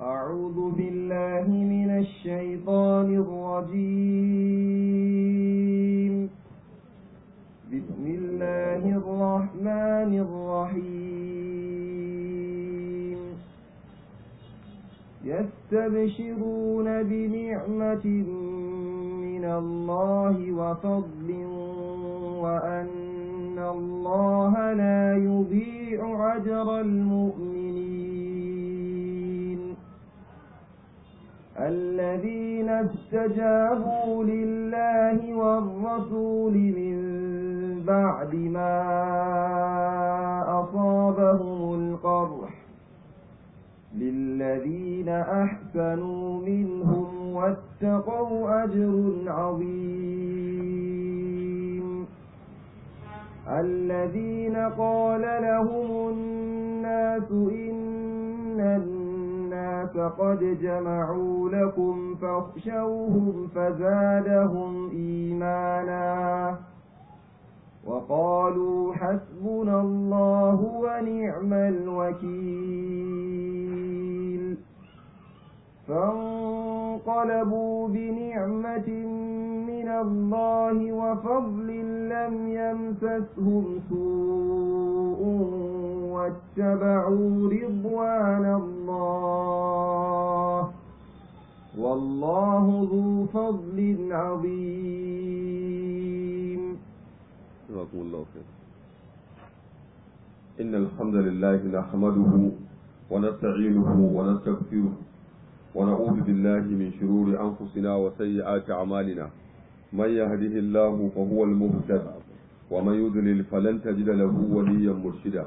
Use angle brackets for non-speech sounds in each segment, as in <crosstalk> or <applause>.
أعوذ بالله من الشيطان الرجيم بسم الله الرحمن الرحيم يستبشرون بنعمة من الله وفضل وأن الله لا يضيع عجر المؤمنين الذين استجابوا لله والرسول من بعد ما أصابهم القرح للذين أحسنوا منهم واتقوا أجر عظيم الذين قال لهم الناس إن فقد جمعوا لكم فاخشوهم فزادهم إيمانا وقالوا حسبنا الله ونعم الوكيل فانقلبوا بنعمة من الله وفضل لم يمسسهم سوء واتبعوا رضوان الله والله ذو فضل عظيم جزاكم الله خير إن الحمد لله نحمده ونستعينه ونستغفره ونعوذ بالله من شرور أنفسنا وسيئات أعمالنا من يهده الله فهو المهتد ومن يذلل فلن تجد له وليا مرشدا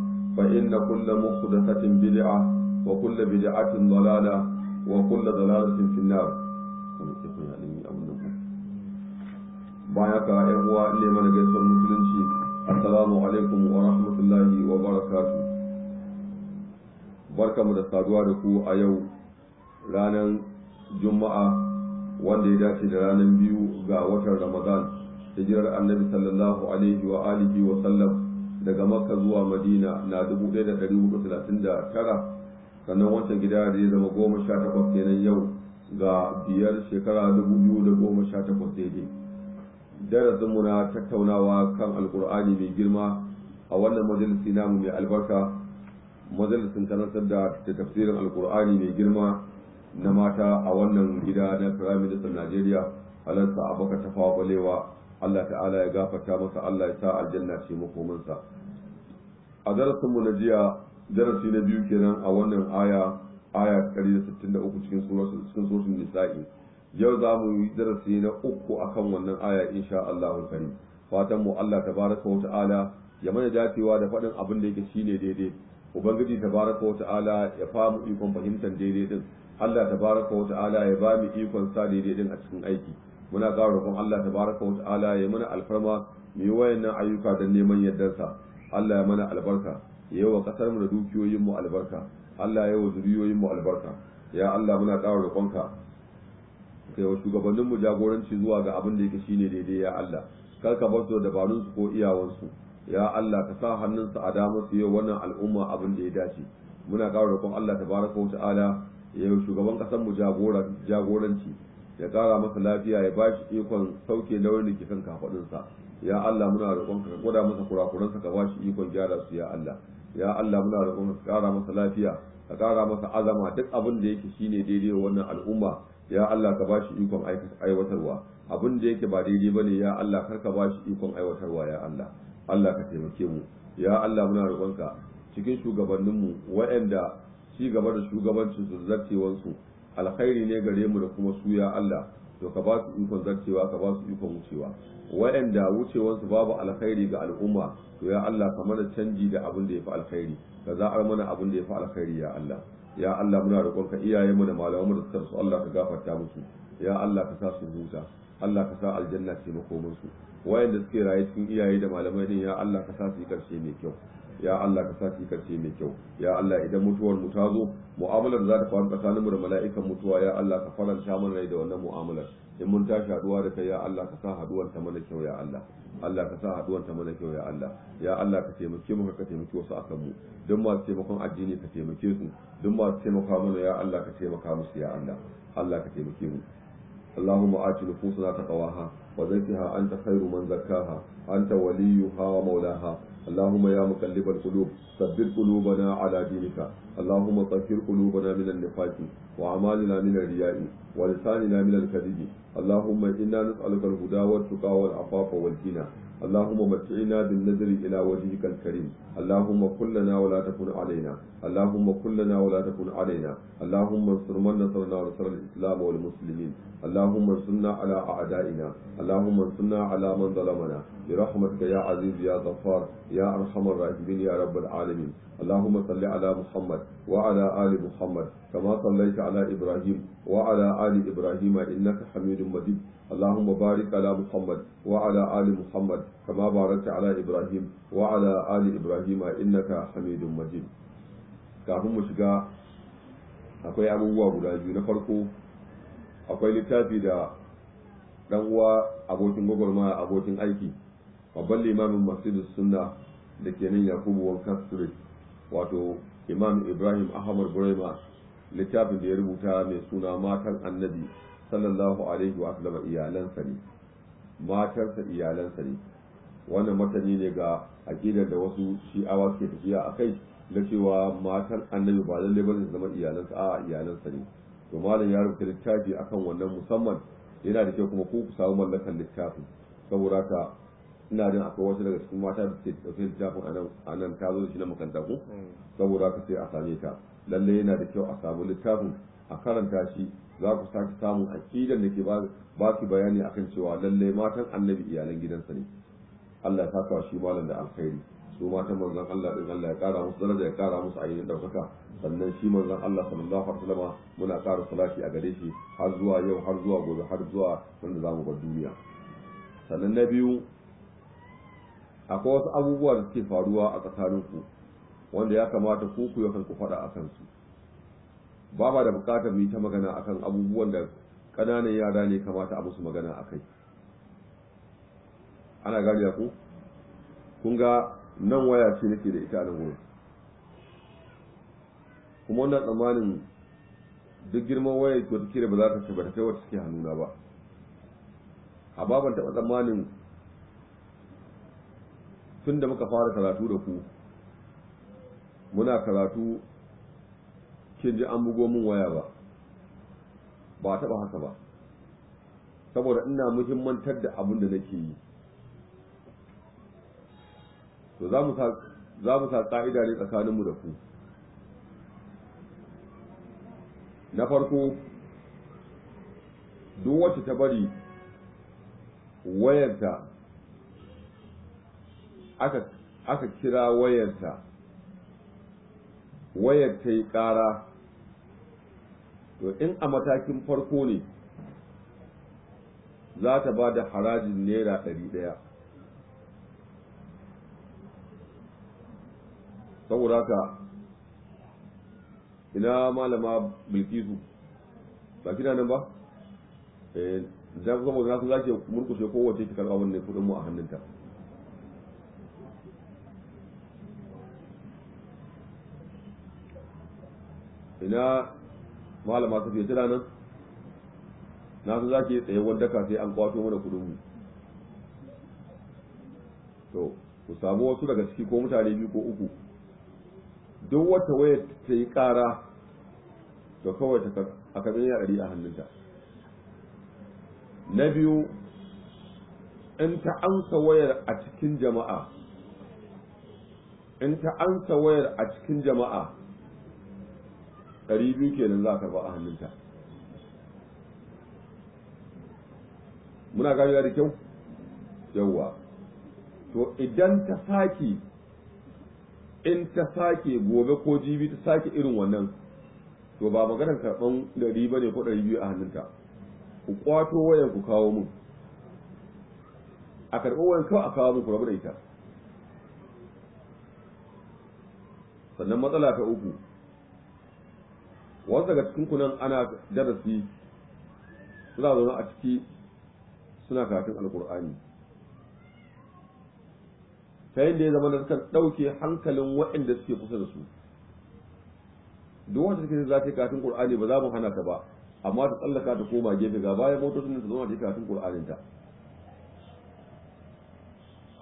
فإن كل محدثة بدعة وكل بدعة ضلالة وكل ضلالة في النار bayan ka ‘yan uwa ne mana gaisuwar musulunci assalamu alaikum wa rahmatullahi wa barakatu barkamu da saduwa da ku a yau ranar juma'a wanda ya dace da ranar biyu ga watan ramadan hijirar annabi sallallahu alaihi wa alihi wa sallam daga makka zuwa madina na 1439 sannan wancan gida da ya zama 18 kenan yau ga biyar shekara 2018 daidai darasinmu na tattaunawa kan alkur'ani mai girma a wannan majalisi namu mai albarka majalisin karantar da tafsirin alkur'ani mai girma na mata a wannan gida na firaministan najeriya halarta abubakar tafawa balewa Allah ta'ala ya gafarta masa Allah ya sa aljanna ce makomansa a darasinmu na jiya darasi na biyu kenan a wannan aya aya 163 cikin cikin suratul nisa'i yau za mu yi darasi na uku akan wannan aya insha Allah karim Fatanmu Allah tabaraka wa ta'ala ya mana dacewa da faɗin abin da yake shine daidai ubangiji tabaraka wa ta'ala ya famu ikon fahimtar daidai din Allah baraka wa ta'ala ya ba mu ikon sa daidai din a cikin aiki muna ƙara roƙon Allah tabaraka wa ta'ala ya mana alfarma mu yi wayannan ayyuka don neman yardarsa Allah ya mana albarka ya wa kasar mu da dukiyoyin mu albarka Allah ya wa zuriyoyin mu albarka ya Allah muna ƙara roƙonka kai wa shugabannin mu jagoranci zuwa ga abin da yake shine daidai ya Allah kar ka bar su da dabarun su ko iyawansu ya Allah ka sa hannunsu a damar su yau wannan al'umma abin da ya dace muna ƙara roƙon Allah tabaraka wa ta'ala ya shugaban kasar mu jagoranci ya ƙara masa lafiya ya ba shi ikon sauke nauyin da ke kan kafaɗinsa ya Allah muna roƙonka ka gwada masa kurakuransa ka ba shi ikon gyara su ya Allah ya Allah muna roƙonka ka ƙara masa lafiya ka ƙara masa azama duk abin da yake shine daidai wannan al'umma ya Allah ka ba shi ikon aiwatarwa abin da yake ba daidai ba ne ya Allah kar ka ba shi ikon aiwatarwa ya Allah Allah ka taimake mu ya Allah muna roƙonka cikin shugabanninmu waɗanda ci gaba da shugabancin su zartewansu alkhairi ne gare mu da kuma su ya Allah to ka ba su ikon zarcewa ka ba su ikon wucewa wa'anda wucewansu babu alkhairi ga al'umma to ya Allah ka mana canji da abin da ya fi alkhairi ka za'ar mana abin da ya fi alkhairi ya Allah ya Allah muna roƙon ka iyaye mu da malaman mu da suka su Allah ka gafarta musu ya Allah ka sa su huta Allah ka sa aljanna ce makomin su suke raye cikin iyaye da malamai din ya Allah ka sa su yi karshe mai kyau ya Allah ka saki karshe mai kyau ya Allah idan mutuwar mu ta zo mu'amalar za ta faru tsakaninmu da mala'ikan mutuwa ya Allah ka faranta mana rai da wannan mu'amalar in mun tashi haduwa da kai ya Allah ka sa haduwar ta mana kyau ya Allah Allah ka sa haduwar ta mana kyau ya Allah ya Allah ka taimake mu ka taimake wasu akan mu duk masu taimakon addini ka taimake su duk masu taimaka mana ya Allah ka taimaka musu ya Allah Allah ka taimake mu اللهم آت نفوسنا تقواها وزكها أنت خير من زكاها أنت وليها ومولاها اللهم يا مقلب القلوب ثبت قلوبنا على دينك اللهم طهر قلوبنا من النفاق واعمالنا من الرياء ولساننا من الكذب اللهم إنا نسألك الهدى والتقى والعفاف والغنى اللهم متعنا بالنذر إلى وجهك الكريم اللهم كن لنا ولا تكن علينا اللهم كن لنا ولا تكن علينا اللهم انصر من نصرنا وانصر الإسلام والمسلمين اللهم انصرنا على أعدائنا اللهم انصرنا على من ظلمنا برحمتك يا عزيز يا غفار يا أرحم الراحمين يا رب العالمين اللهم صل على محمد وعلى آل محمد كما صليت على إبراهيم وعلى آل إبراهيم إنك حميد مجيد اللهم بارك على محمد وعلى آل محمد كما باركت على إبراهيم وعلى آل إبراهيم إنك حميد مجيد kafin mu shiga akwai abubuwa guda biyu na farko akwai littafi da ɗan uwa abokin gwagwarmaya abokin aiki babban limamin masjidus sunna da ke nan yakubu wankan wato imam ibrahim ahmad burema littafin da ya rubuta mai suna matar annabi sallallahu alaihi wa sallam iyalansa ne matarsa iyalansa ne wannan matani ne ga aqidar da wasu shi'awa suke tafiya a kai na cewa matar annabi ba lalle bane zama iyalansa a iyalansa ne to malam ya rubuta littafi akan wannan musamman yana da kyau kuma ku ku samu mallakan littafin saboda ka ina jin akwai wasu daga cikin mata da suke ɗauke littafin anan anan ta zo da shi na makaranta ko mm. saboda ka sai a same ta lalle yana da kyau a samu littafin a karanta shi za ku sake samun aƙidar da ke ba ki bayani akan cewa lalle matan annabi iyalan gidansa ne Allah ya saka shi malam da alkhairi su matan manzon Allah din Allah ya kara musu daraja ya kara musu ayyukan daukaka sannan shi manzon Allah sallallahu alaihi wasallam muna ƙara salati a gare shi har zuwa yau har zuwa gobe har zuwa wanda za mu bar duniya sannan na biyu akwai wasu abubuwa da suke faruwa a tsakaninku wanda ya kamata ku ku yakan ku faɗa a kansu ba ba da bukatar mu yi ta magana akan abubuwan da ƙananan yara ne kamata a musu magana a kai ana gane ku kun ga nan waya ce nake da ita nan wurin kuma wannan tsammanin duk girman waya ko take da ba za ta ci ba ta kai wata suke hannuna ba a baban taɓa tsammanin tun da muka fara karatu da ku muna karatu kin ji an bugo min waya ba ba taɓa haka ba saboda ina muhimmantar da abin da nake yi to za mu sa ƙa'ida ne tsakaninmu da ku na farko duk wacce ta bari wayarta aka kira wayarta wayar ta yi ƙara to in a matakin farko ne za ta ba da harajin naira ɗari ɗaya saboda ka ina malama bilkisu ba kina nan ba da eh, kuma mutum nasu zaki murkushe kowace ki karɓa wannan kudin mu a hannunta ina malama ta ce jira nan na su za ki tsaye wanda ka sai an kwato mana kudin mu to ku samu wasu daga ciki ko mutane biyu ko uku duk wata waya ta yi ƙara to kawai ta a kamin ya ɗari a hannunta na biyu in ta ansa wayar a cikin jama'a in ta ansa wayar a cikin jama'a ɗari biyu kenan za a karɓa a hannunta muna gani da kyau yawwa to idan ta sake in ta sake gobe ko jibi ta sake irin wannan to ba maganar karɓan ɗari ba ne ko ɗari biyu a hannunta ku kwato wayan ku kawo mun a karɓar wayan kawai a kawo mun ku rabu da ita sannan matsala ta uku wasu daga cikin kunan ana darasi suna zaune a ciki suna karatun alkur'ani ta yadda ya zama da suka ɗauke hankalin waɗanda suke kusa da su duk wanda suke za ta yi karatun qur'ani ba za mu hana ta ba amma ta tsallaka ta koma gefe ga bayan motocin ta zama da yi karatun qur'anin ta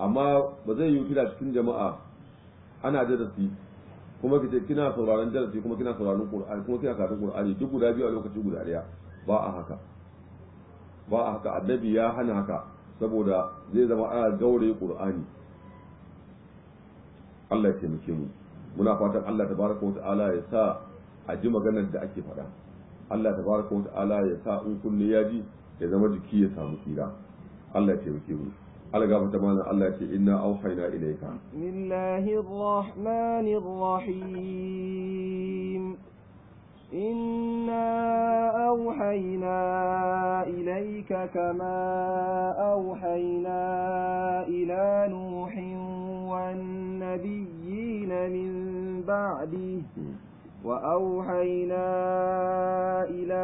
amma ba zai yi kira cikin jama'a ana darasi kuma kace kina sauraron darasi kuma kina sauraron qur'ani kuma kina karatun qur'ani duk guda biyu a lokaci guda daya ba a haka ba a haka annabi ya hana haka saboda zai zama ana gaure qur'ani Allah ya taimake mu muna fatan Allah tabaraka wa ta'ala ya sa a ji maganar da ake faɗa Allah tabaraka wa ta'ala ya sa in kunni ya ji ya zama jiki ya samu tsira Allah ya taimake mu alga ta mana Allah ce inna auhaina ilaika bismillahir rahmanir rahim إنا أوحينا إليك كما أوحينا إلى نوح والنبيين من بعده وأوحينا إلى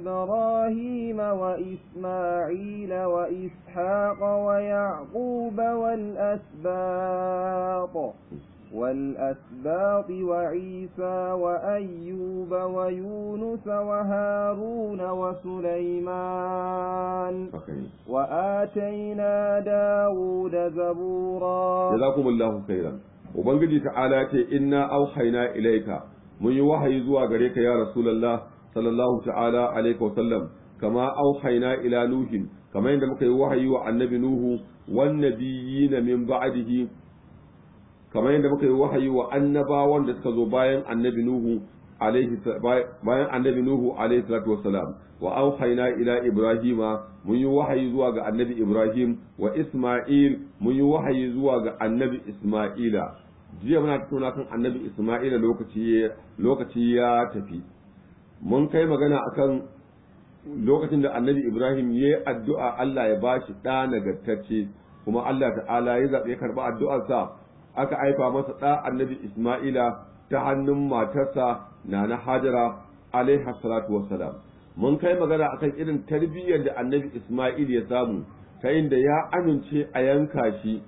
إبراهيم وإسماعيل وإسحاق ويعقوب والأسباط والأسباط وعيسى وأيوب ويونس وهارون وسليمان وآتينا داود زبورا جزاكم الله خيرا وبنجي تعالى إنا أوحينا إليك mun yi wahayi zuwa gare ka ya rasulullah sallallahu ta'ala alaihi wa sallam kama auhayna ila nuhin kama yadda muka yi wahayi wa annabi nuhu wan nabiyina min ba'dihi kama yadda muka yi wahayi wa annabawan da suka zo bayan annabi nuhu alaihi bayan annabi nuhu alaihi salatu wassalam wa auhayna ila ibrahima mun yi wahayi zuwa ga annabi ibrahim wa isma'il mun yi wahayi zuwa ga annabi isma'ila jiya muna tattauna kan annabi Isma'ila lokaci lokaci ya tafi mun kai magana akan lokacin da annabi Ibrahim ya yi addu'a Allah ya bashi ɗa nagartacce kuma Allah ta'ala ya zaɓi ya karɓi addu'arsa aka aifa masa ɗa annabi Isma'ila ta hannun matarsa na Hajara alaiha salatu wassalam mun kai magana akan irin tarbiyyar da annabi Isma'il ya samu ta inda ya amince a yanka shi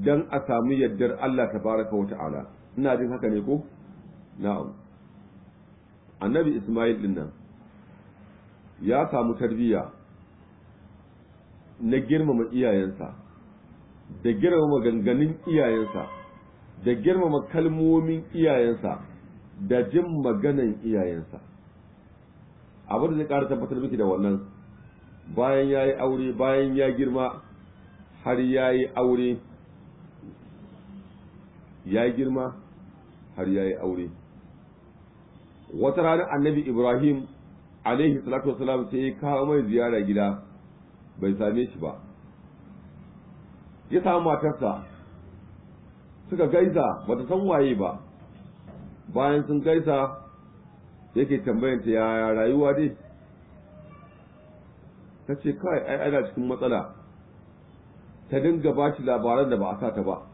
dan a samu yaddar Allah tabaraka wa ta'ala ina jin haka ne ko na'am annabi Ismail din nan ya samu tarbiyya na girmama iyayensa da girmama ganganin iyayensa da girmama kalmomin iyayensa da jin maganan iyayensa abu da zai ƙara tabbatar miki da wannan bayan ya yi aure bayan ya girma har ya yi aure ya girma har ya yi aure wata ranar annabi ibrahim alaihi salatu wasalam sai ya kawo mai ziyara gida bai same shi ba ya samu matarsa suka gaisa ba ta san waye ba bayan sun gaisa yake ta ya rayuwa dai ta ce kai ai ana cikin matsala ta dinga ba shi labaran da ba a sa ta ba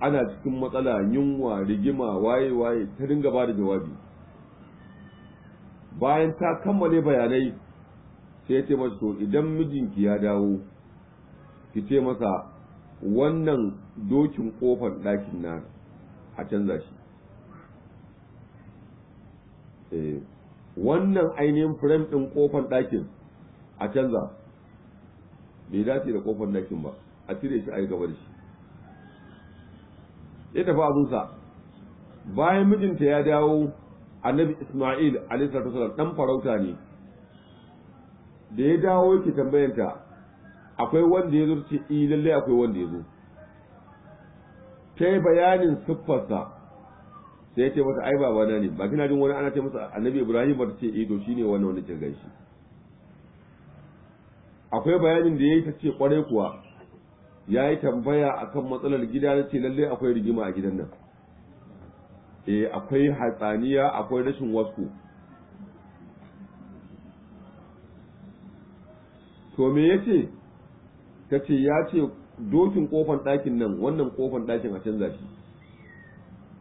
ana cikin matsala yunwa rigima waye waye ta dinga ba da jawabi bayan ta kammale bayanai sai ya ce masa to idan mijinki ya dawo ki ce masa wannan dokin kofar ɗakin na a canza shi eh, wannan ainihin firem ɗin kofar ɗakin a canza bai dace da kofar ɗakin ba a cire shi a yi gaba da shi ya tafi abinsa bayan mijinta ya dawo annabi Ismail alaihi wasallam dan farauta ne da ya dawo yake tambayanta akwai wanda ya zo ce eh lallai akwai wanda ya zo ta yi bayanin siffarsa sai ya ce mata ai baba na ne ba kina jin wani ana ce masa annabi Ibrahim ba ta ce eh to shine wannan wanda ke gaishe akwai bayanin da yayi ta ce kwarai kuwa ya yi tambaya a kan matsalar gida na ce lallai akwai rigima a gidan nan e akwai hatsaniya akwai rashin wasu to me ya ce ta ce ya ce dokin kofan ɗakin nan wannan kofan ɗakin a canza shi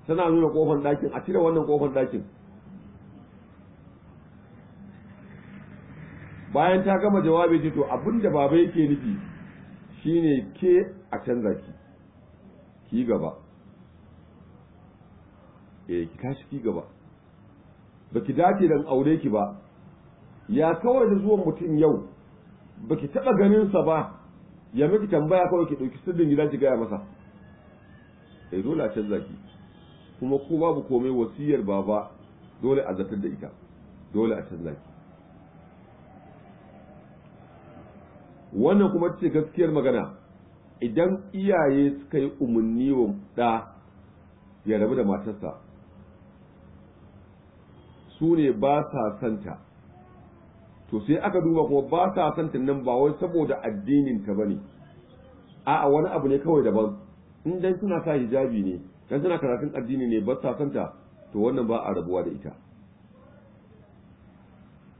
tana nuna kofan ɗakin a cire wannan kofan ɗakin bayan ta gama jawabi ce to abinda baba yake nufi Shi ne ke a canza ki ki gaba eh ki tashi ki gaba baki dace dan aure ki ba ya kawai da zuwan mutum yau baki taba ganin sa ba ya miki tambaya kawai ki dauki sirrin gida ki gaya masa eh dole a canza ki kuma ko babu komai wasiyar baba dole a zartar da ita dole a canza ki wannan kuma ce gaskiyar magana idan iyaye suka yi umarni wa ɗa ya rabu da matarsa su ne ba sa santa to sai aka duba kuma ba sa santa nan ba wai saboda addinin ta bane a'a wani abu ne kawai daban in dan suna sa hijabi ne dan suna karatun addini ne ba sa santa to wannan ba a rabuwa da ita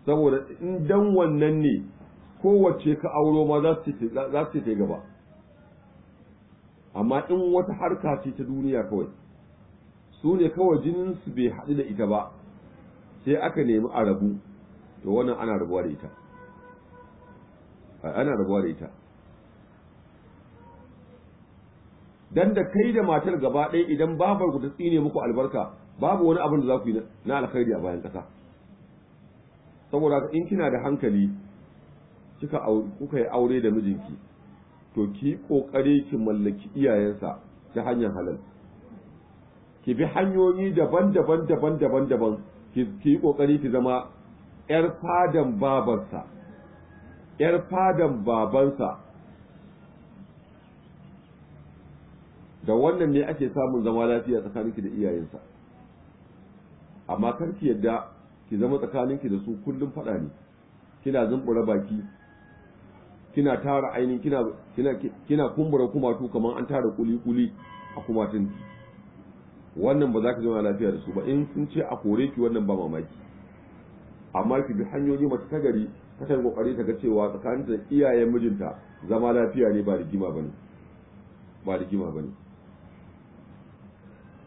saboda in dan wannan ne kowace ka auro ma za su ce gaba amma in wata harka ce ta duniya kawai su ne kawai jininsu bai haɗu da ita ba sai aka nemi a rabu to wannan ana rabuwa da ita ana rabuwa da ita dan da kai da matar gaba ɗaya idan babar ku ta tsine muku albarka babu wani abin da za ku yi na alkhairi a bayan ƙasa saboda in kina da hankali kika kuka yi aure da mijinki to ki kokari ki mallaki iyayensa ta hanyar halal ki bi hanyoyi daban-daban daban-daban daban ki yi kokari ki zama yar fadan babansa yar fadan babansa da wannan ne ake samun zama lafiya tsakaninki da iyayensa amma kar ki yadda ki zama tsakaninki da su kullum faɗa ne kina zumbura baki kina tara ainihin kina kina kina kumbura kumatu kamar an tara kuli kuli a kumatin wannan ba za ka zama lafiya da su ba in sun ce a kore ki wannan ba mamaki amma ki bi hanyoyi mace ta gari ta kai kokari ta ga cewa tsakanin ta iyayen mijinta zama lafiya ne ba rigima bane ba rigima bane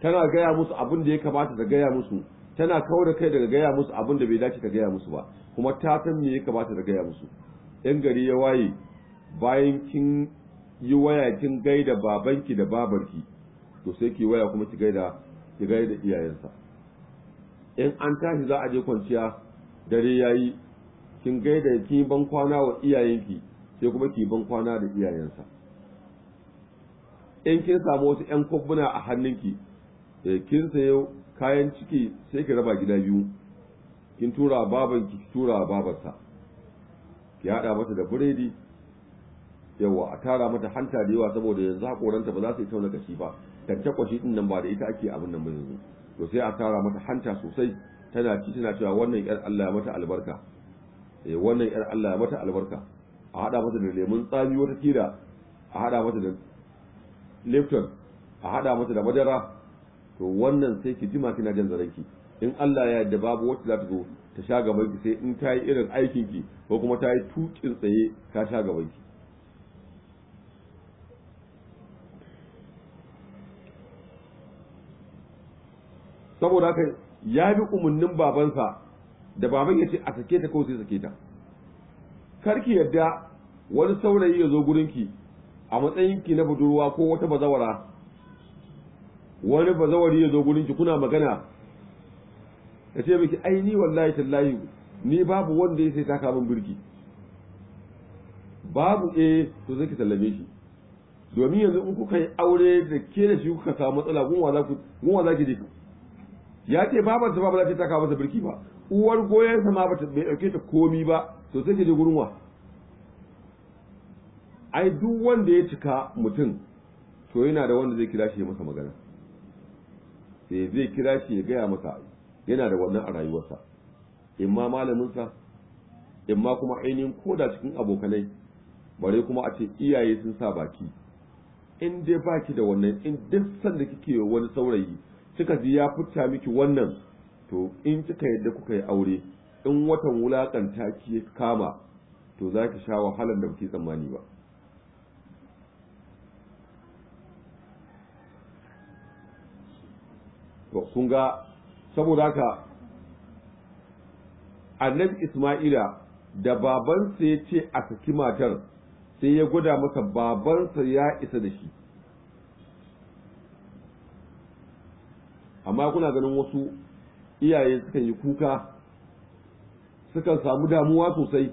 tana gaya musu abin da ya kamata ta gaya musu tana kawo da kai daga gaya musu abin da bai dace ta gaya musu ba kuma ta san me ya kamata ta gaya musu yan gari ya waye bayan kin yi waya kin gaida babanki da babarki to sai ki waya kuma ki gaida ki gaida iyayensa in an tashi za a je kwanciya dare yayi kin gaida ki ban kwana wa iyayenki sai kuma ki ban kwana da iyayensa in kin samu wasu 'yan kubbuna a hannunki eh, kin sayo kayan ciki sai ki raba gida biyu kin tura babanki ki tura babarsa ya haɗa mata da biredi yawa a tara mata hanta da yawa saboda yanzu hakoranta ba za su yi tauna kashi ba tanke kwashi din nan ba da ita ake abin nan ba yanzu to sai a tara mata hanta sosai tana ci tana cewa wannan yar Allah ya mata albarka eh wannan yar Allah ya mata albarka a hada mata da lemun tsami wata kira a hada mata da lifton a hada mata da madara to wannan sai ki jima kina jan zaranki in Allah ya yarda babu wacce za ta zo ta sha gaban ki sai in ta yi irin aikin ki ko kuma ta yi tukin tsaye ka sha gaban ki saboda haka ya bi umarnin babansa da baban ya ce a sake ta ko sai sake ta karki yadda wani saurayi ya zo gurinki a matsayin ki na budurwa ko wata bazawara wani bazawari ya zo gurinki kuna magana ya ce miki ai ni wallahi tallahi ni babu wanda ya sai taka min birki babu e to zai ki sallame shi domin yanzu in kuka yi aure da ke da shi kuka samu matsala gunwa za ku gunwa za ki je ya ce baban ta ba za ta taka masa birki ba uwar goyen sa ma bata bai dauke ta komi ba to sai ki je gurin wa ai duk wanda ya cika mutum to yana da wanda zai kira shi ya masa magana sai eh, zai kira shi ya gaya masa yana da wannan a rayuwarsa in ma malaminsa in ma kuma ainihin koda cikin abokanai bare kuma a ce iyaye sun sa baki in dai baki da wannan in duk sanda kike wani saurayi kika ji ya fita miki wannan to in kika yadda kuka yi aure in watan wulakanta ki kama to za ki sha wahalar da kuke tsammani ba to kun ga saboda haka annabi Ismaila da babansa ya ce a saki matar sai ya gwada masa babansa ya isa da shi amma kuna ganin wasu iyaye sukan yi kuka sukan samu damuwa sosai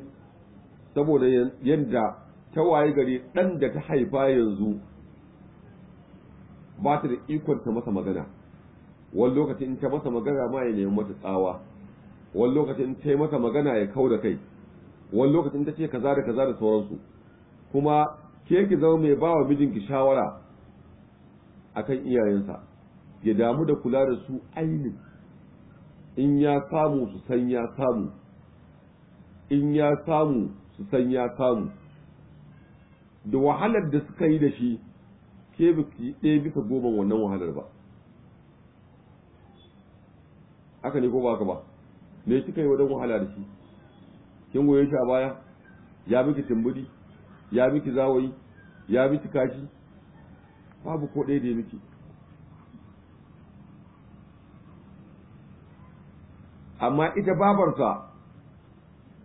saboda yadda ta waye gari ɗan da ta haifa yanzu ba ta da ikonta masa magana wani lokaci in ta masa magana ma ya nemi mata tsawa wani lokaci in ta yi masa magana ya kau da kai wani lokacin ta ce kaza da kaza da sauransu kuma ke ki zama mai bawa mijinki shawara a kan iyayensa ya damu da kula da su ainin in ya samu su san ya samu in ya samu su san ya samu da wahalar da suka yi da shi ke bi ɗaya bisa goma wannan wahalar ba haka ne ko ba haka ba me kika yi wajen wahala da shi kin goye shi a baya ya miki timbudi ya miki zawayi ya miki kashi babu ko ɗaya da ya miki amma ita babarsa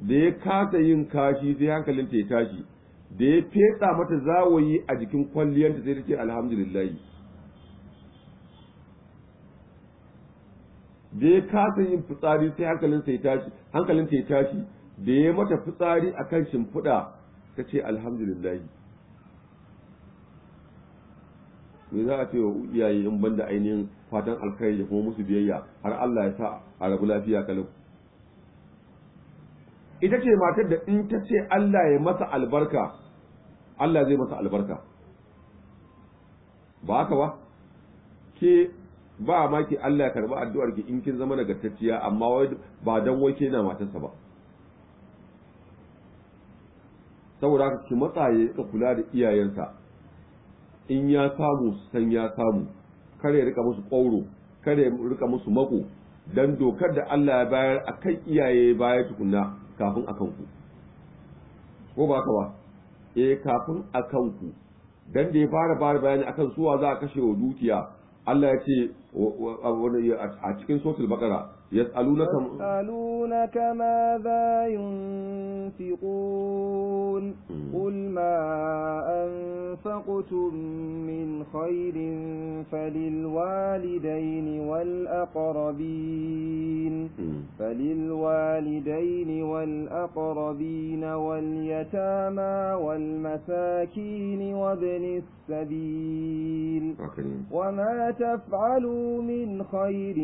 da ya kasa yin kashi sai hankalinta ya tashi da ya fetsa mata zawayi a jikin kwalliyanta sai ta ce alhamdulillahi da ya kasa yin fitsari sai hankalinsa ya tashi hankalinta ya tashi da ya mata fitsari a kan shimfiɗa ta ce alhamdulillah me za a ce wa iyaye in banda ainihin fatan alkhairi da kuma musu biyayya har Allah ya sa a rabu lafiya kalau ita ce matar da in ta ce Allah ya masa albarka Allah zai masa albarka ba haka ba ke ba maki Allah ya karba addu'ar ki in kin zama nagartacciya amma wai ba dan wai ke na matarsa ba saboda haka ki matsaye ka kula da iyayensa in ya samu san ya samu kare ya rika musu ƙauro kare ya rika musu mako dan dokar da Allah ya bayar akan iyaye baya tukunna kafin akan ku ko ba ka ba eh kafin akan ku dan da ya fara fara bayani akan suwa za a kashe wa dukiya Allah ya ce a cikin sotul bakara يسألونك يسألونك ماذا ينفقون قل ما أنفقتم من خير فللوالدين والأقربين فللوالدين والأقربين واليتامى والمساكين وابن السبيل آه، وما تفعلوا من خير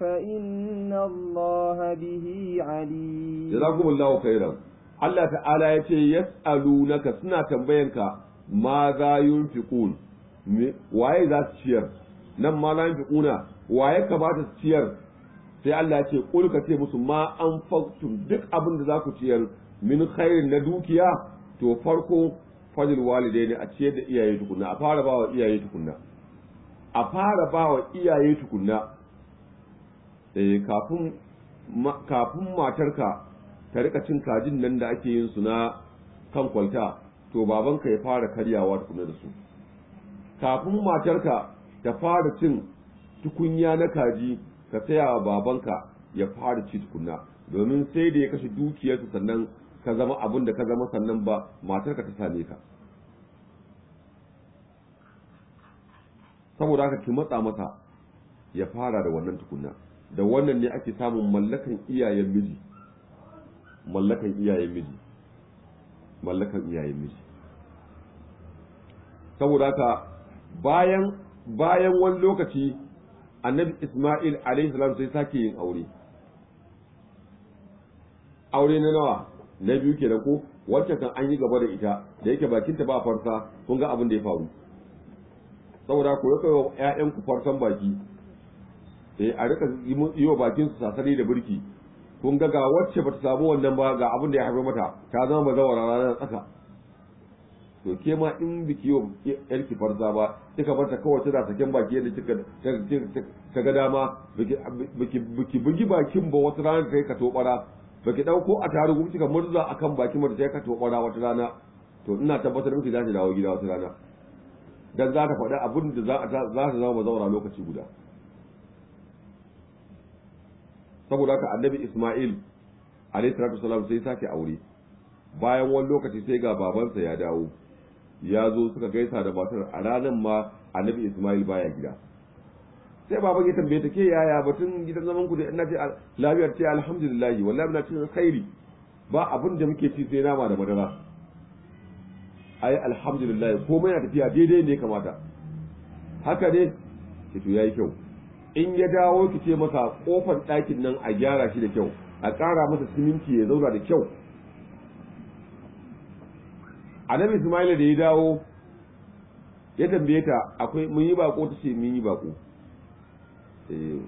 فإن inna Allah bihi alim Allah ta'ala ya ce yas'alunaka suna tambayanka ma za yunfiqun ciyar nan ma la ciyar sai Allah ya ce qul ka ce duk abin da za ku ciyar min na dukiya to farko fajil walidai ne a ciyar da a fara bawa iyaye tukunna Eh, kafin kafin matarka ta rika cin kajin nan da ake yin su na kan kwalta to babanka ya fara karyawa tukuna da su kafin matarka ta fara cin tukunya na kaji ka saya wa babanka ya fara ci tukunna domin sai da ya kashe dukiyarsa sannan ka zama abin da ka zama sannan ba matarka ta same ka saboda haka ki matsa masa ya fara da wannan tukunna da wannan ne ake samun mallakan iyayen miji mallakan iyayen miji mallakan iyayen miji saboda haka bayan bayan wani lokaci annabi Ismail alaihi salam sai sake yin aure aure na nawa na biyu da ko wacce kan an yi gaba da ita da yake bakinta ba farsa kun ga abin da ya faru saboda ku rika wa 'ya'yanku farsan baki eh a rika yi wa bakin su sasari da birki kun ga ga wacce bata samu wannan ba ga abin da ya haifar mata ta zama bazawara ranar tsaka to ke ma in biki yar yarki farza ba kika barta kawai tana sakin baki yadda kika ta ga dama biki bugi bakin ba wata rana kai ka tobara baki dauko a tarugu kika murza akan bakin mata yi ka tobara wata rana to ina tabbatar miki za ta dawo gida wata rana dan za ta faɗi abin da za ta zama bazawara lokaci guda saboda haka annabi Ismail alayhi salatu wasalam sai sake aure bayan wani lokaci sai ga babansa ya dawo ya zo suka gaisa da matar a ranar ma annabi Ismail baya gida sai baban ya tambaye ta ke yaya batun gidan zaman ku da ina ce lafiyar ce alhamdulillah wallahi na cikin khairi ba abin da muke ci sai nama da madara ai alhamdulillah komai na tafiya daidai ne kamata haka ne ki to yayi kyau in ya dawo ki ce masa kofar ɗakin nan a gyara shi da kyau a ƙara masa siminti ya zauna da kyau annabi ismaila da ya dawo ya tambaye ta akwai mun yi bako ta ce mun yi bako eh,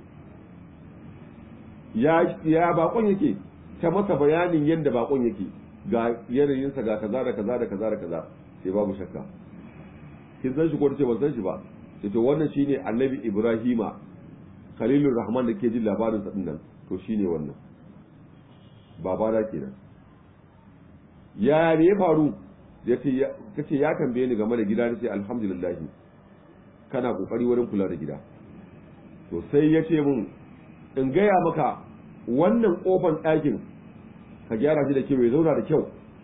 ya ya bakon yake ta masa bayanin yadda bakon yake ga yanayinsa ga kaza da kaza da kaza da kaza sai babu shakka kin san shi ko ce ban san shi ba sai to wannan shine annabi ibrahima khalilur rahman da ke jin labarin sa nan to shine wannan Baba ke kenan ya ne ya faru ya ce ya tambaye ni game da gida nace alhamdulillah kana kokari wurin kula da gida to sai ya ce mun in gaya maka wannan kofan ɗakin ka gyara shi da kyau ya zauna da kyau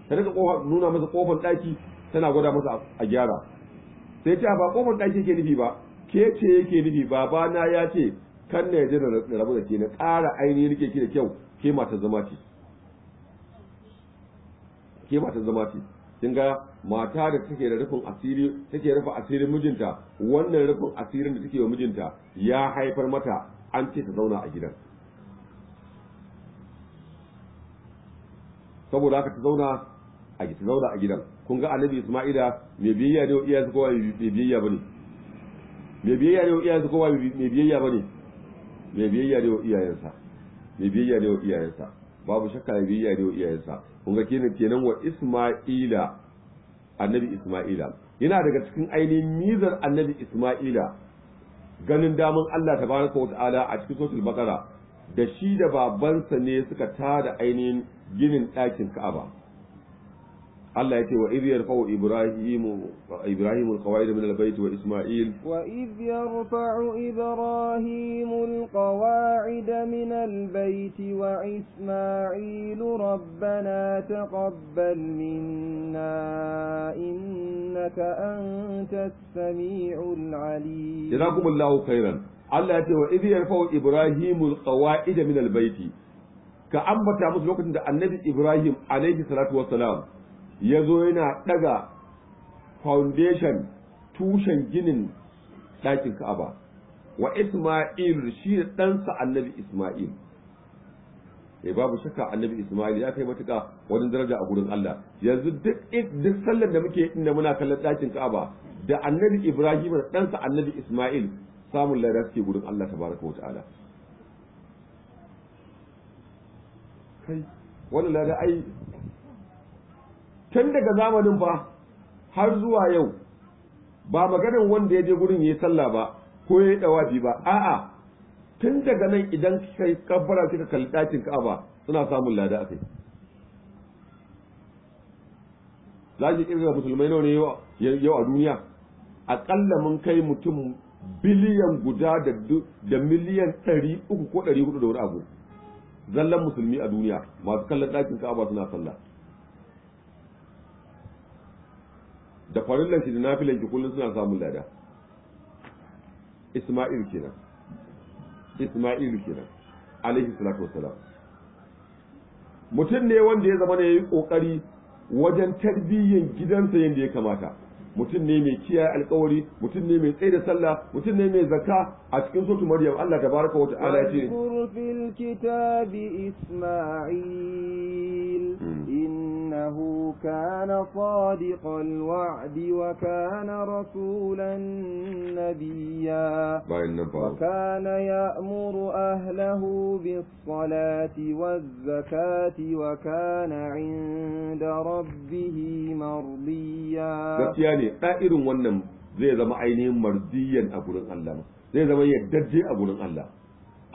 ta daga nuna masa kofan ɗaki tana gwada masa a gyara sai ta ba kofan ɗaki ke nufi ba ke ce yake nufi na ya ce kan ne jira na rabu da ke na ƙara ainihin rike ki da kyau ke mata zama ce ke mata zama ce kin ga mata da take da rufin asiri take rufa asirin mijinta wannan rufin asirin da take wa mijinta ya haifar mata an ce ta zauna a gidan saboda haka ta zauna a ta zauna a gidan kun ga annabi Isma'ila mai biyayya ne iyayensa kowa mai biyayya bane mai biyayya ne iyayensa kowa mai biyayya bane mai biyayya da iyayensa mai biyayya da iyayensa babu shakka mai biyayya da iyayensa kun ga kenan kenan wa Isma'ila annabi Isma'ila yana daga cikin ainihin mizar annabi Isma'ila ganin daman Allah tabaraka wa ta'ala a cikin suratul baqara da shi da babansa ne suka tada ainihin ginin ɗakin Ka'aba الله يتي وإذ يرفع إبراهيم إبراهيم القواعد من البيت وإسماعيل وإذ يرفع إبراهيم القواعد من البيت وإسماعيل ربنا تقبل منا إنك أنت السميع العليم جزاكم الله خيرا الله يتي وإذ يرفع إبراهيم القواعد من البيت كأمة يا مسلوك النبي إبراهيم عليه الصلاة والسلام ya zo yana ɗaga foundation tushen ginin ɗakin ka'aba wa Ismail shi da ɗansa annabi Ismail eh babu shakka annabi Ismail ya kai matuƙa wajen daraja a gurin Allah yanzu duk duk sallar da muke inda muna kallon ɗakin Ka'aba da annabi Ibrahim da ɗansa annabi Ismail samun lada suke gurin Allah tabaraka Ta'ala. kai wannan lada ai tun daga zamanin ba har zuwa yau ba maganar wanda ya je gurin ya yi sallah ba ko ya yi dawafi ba a'a tun daga nan idan kai kabbara kika kalli ɗakin ka'aba suna samun lada akai za ki kirga musulmai nawa ne yau a duniya aƙalla mun kai mutum biliyan guda da miliyan ɗari uku ko ɗari hudu da wani abu zallan musulmi a duniya masu kallon ɗakin ka'aba suna sallah da farillan shi da nafilan ki kullum suna samun lada Isma'il kenan Isma'il kenan alaihi salatu wassalam mutum ne wanda ya zama ne yayi kokari wajen tarbiyyan gidansa yadda ya kamata mutum ne mai kiyaye alkawari mutum ne mai tsaye da sallah mutum ne mai zakka a cikin sotu maryam Allah tabaraka wa ta'ala ya ce fil kitabi isma'il hmm. إنه كان صادق الوعد وكان رسولا نبيا وكان يأمر أهله بالصلاة والزكاة وكان عند ربه مرضيا يعني قائل ونم زي زم عينين مرضيا أبو الله زي زم يدجي أبو الله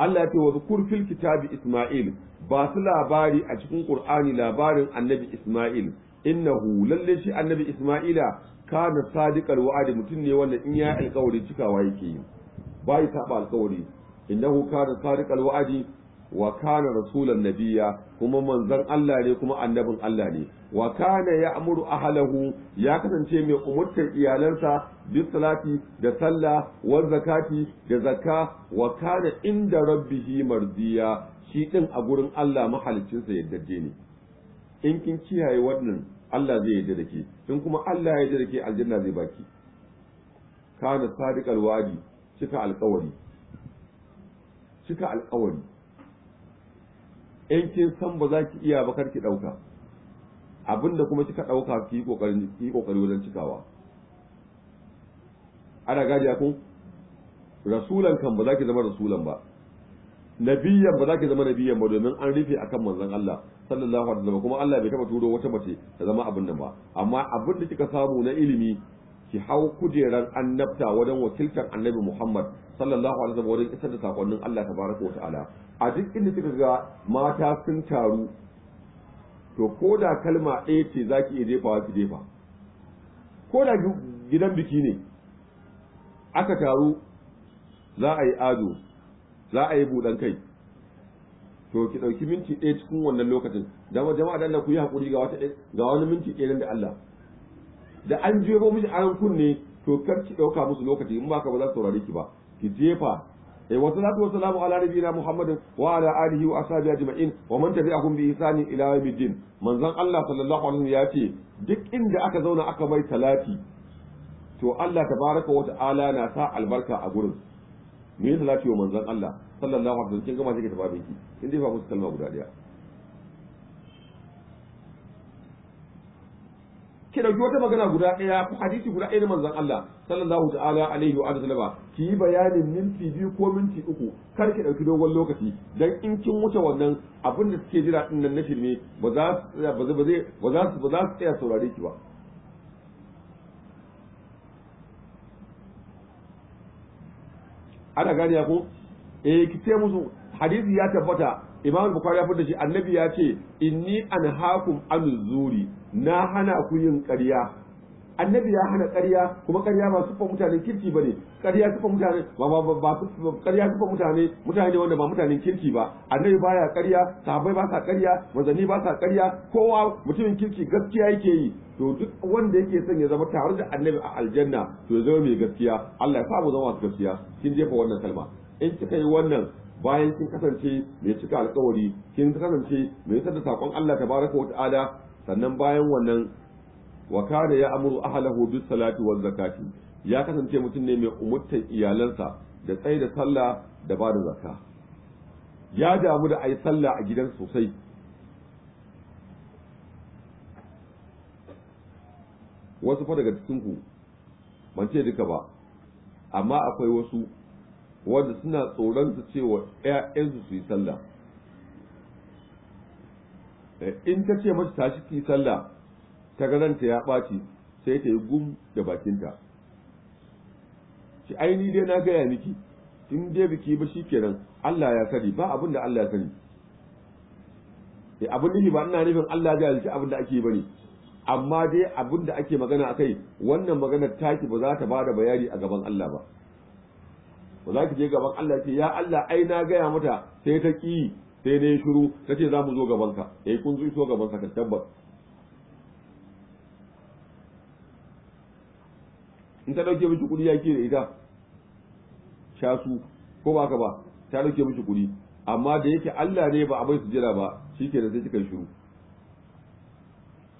الله تذكر في الكتاب إسماعيل ba su labari a cikin Qur'ani labarin Annabi Isma'il innahu lalle shi Annabi Isma'ila kana sadiqal wa'adi mutum ne wanda in ya alƙawari cikawa yake yi Ba ya taɓa alƙawari innahu kana sadiqal wa'adi wa kana rasulan nabiyya kuma manzon Allah ne kuma annabin Allah ne wa kana ya'muru ahlahu ya kasance mai umurtar iyalansa bi salati da sallah wa zakati da zakka wa kana inda rabbihi mardiya shi ɗin a gurin Allah mahalicinsa yardajje ne in kin kiyaye wannan Allah zai yarda da ke in kuma Allah ya yarda da ke aljanna zai baki kana sadiqal wadi cika alƙawari cika alƙawari in kin san ba za ki iya ba kar ki ɗauka abinda kuma kika ɗauka ki yi ƙoƙari ki yi ƙoƙari wajen cikawa ana gadi ku rasulan kan ba za ki zama rasulan ba nabiyan ba za ka zama nabiyan ba domin an rufe akan manzon Allah sallallahu alaihi wasallam kuma Allah bai taba turo wata mace ta zama abin nan ba amma abin da kika samu na ilimi ki hau kujerar annabta wajen wakiltar annabi Muhammad sallallahu alaihi wasallam wajen isar da sakonnin Allah tabaraka wa ta'ala a duk inda kika ga mata sun taru to ko da kalma ɗaya ce za ki iya jefawa ki jefa ko gidan biki ne aka taru za a yi ado za a yi buɗan kai to ki ɗauki minti ɗaya cikin wannan lokacin dama jama'a da Allah ku yi haƙuri ga wata ga wani minti ɗaya da Allah da an jefo miki aran kunne to kar ki ɗauka musu lokaci in ba ka ba za su saurare ki ba ki jefa eh wa salatu wa salamu ala nabiyina muhammadin wa ala alihi wa ashabi ajma'in wa man tabi'ahum bi ihsani ila yawmiddin manzon Allah sallallahu alaihi wasallam ya ce duk inda aka zauna aka bai talati to Allah tabaraka wa ta'ala na sa albarka a gurin me yasa za ki yi manzon Allah sallallahu alaihi wasallam kin gama sai ki tafi Kin in dai ba musu kalma guda daya ki dauki wata magana guda daya ko hadisi guda ɗaya na manzon Allah sallallahu ta'ala alaihi wa sallama ki yi bayanin minti biyu ko minti uku kar ki dauki dogon lokaci dan in kin wuce wannan abin da suke jira din nan na shirme ba za ba za ba za su tsaya saurare ki ba ana gane ko eh ki ce musu hadisi ya tabbata imam bukhari ya fada shi annabi ya ce inni anhaakum an zuri na hana ku yin ƙarya annabi ya hana ƙarya kuma ƙarya ba sufan mutanen kirki ba ne ƙarya sufan mutane mutane mutane wanda ba mutanen kirki ba annabi baya ƙarya sahabbai ba sa ƙarya manzanni ba sa ƙarya kowa mutumin kirki gaskiya yake yi to duk wanda yake son ya zama tare da annabi a aljanna to ya zama mai gaskiya Allah ya sa mu zama masu gaskiya kin jefa wannan kalma in kika yi wannan bayan kin kasance mai cika alkawari kin kasance mai isar da sakon Allah tabaraka wa ta'ala sannan bayan wannan wa kana ya amuru ahlahu bis salati waz zakati ya kasance mutum ne mai umurtan iyalansa da tsaye da sallah da ba da zakka ya damu da ai sallah a gidan sosai wasu fa daga cikin ku ban ce duka ba amma akwai wasu wanda suna tsoron su cewa ‘ya'yansu su yi sallah eh, in ta ce mata tashi ki sallah ta ya ɓaci sai ta yi gum da bakinta shi aini dai na gaya miki in dai biki ba shi nan, Allah ya sani ba abin Allah ya sani eh abin ba ina nufin Allah zai halitta abin da ake yi bane amma dai abinda da ake magana a kai, wannan maganar taki ba za ta bada bayani a gaban Allah ba ba za ki je gaban Allah ce ya Allah ai na gaya mata sai ta ki sai yi shiru ta ce za mu zo gaban ka eh kun zo iso gaban ka tabbas in ta dauke miki kuɗi ya ke da ita sha su ko ba ka ba ta dauke miki kuɗi amma da yake Allah ne ba a bai su jira ba shi ke da sai kika shiru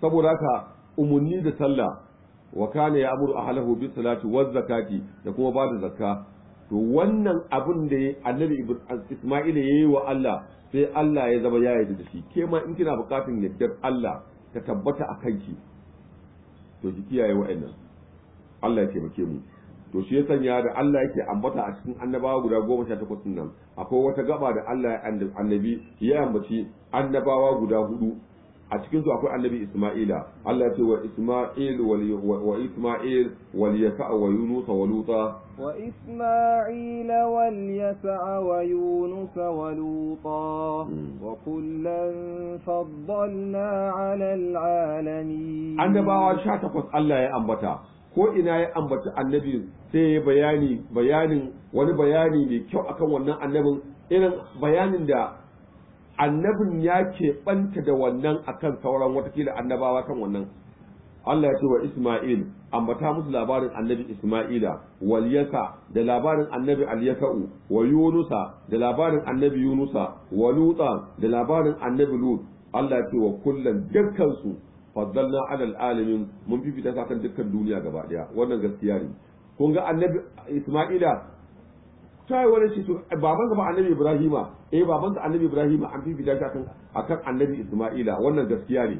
saboda haka umunni da sallah wa kana ya amuru ahlahu bis salati waz zakati da kuma ba da zakka to wannan abin da annabi Isma'il ya yi wa Allah sai Allah ya zama ya yarda da shi ke ma in kina bukatun yaddar Allah ta tabbata a kanki to ki kiyaye wa'annan Allah ya taimake mu to shi ya sanya da Allah yake ambata a cikin annabawa guda goma sha takwas nan akwai wata gaba da Allah ya annabi ya ambaci annabawa guda hudu a cikin su akwai annabi Isma'ila Allah ya ce wa Isma'il wa Isma'il wal yasa wa Yunus wa Luta wa Isma'il wal yasa wa Yunus wa Luta hmm. wa kullan faddalna 'ala al-'alamin annabawa takwas Allah ya ambata ko ina ya ambaci annabi sai ya bayani bayanin wani bayani mai kyau akan wannan annabin irin bayanin da annabin ya ke ɓanta da wannan akan sauran watakila annabawa kan wannan Allah ya ce wa Ismail ambata musu labarin annabi Ismaila wal yasa da labarin annabi al-yasa'u wa yunusa da labarin annabi yunusa wa lutan da labarin annabi lut Allah ya ce wa kullan dukkan su faddalna ala alamin mun fifita sa kan dukkan duniya gaba daya wannan gaskiya ne kun ga annabi isma'ila ta yi wani shi baban gaba annabi ibrahima eh baban sa annabi ibrahima an fifita shi akan akan annabi isma'ila wannan gaskiya ne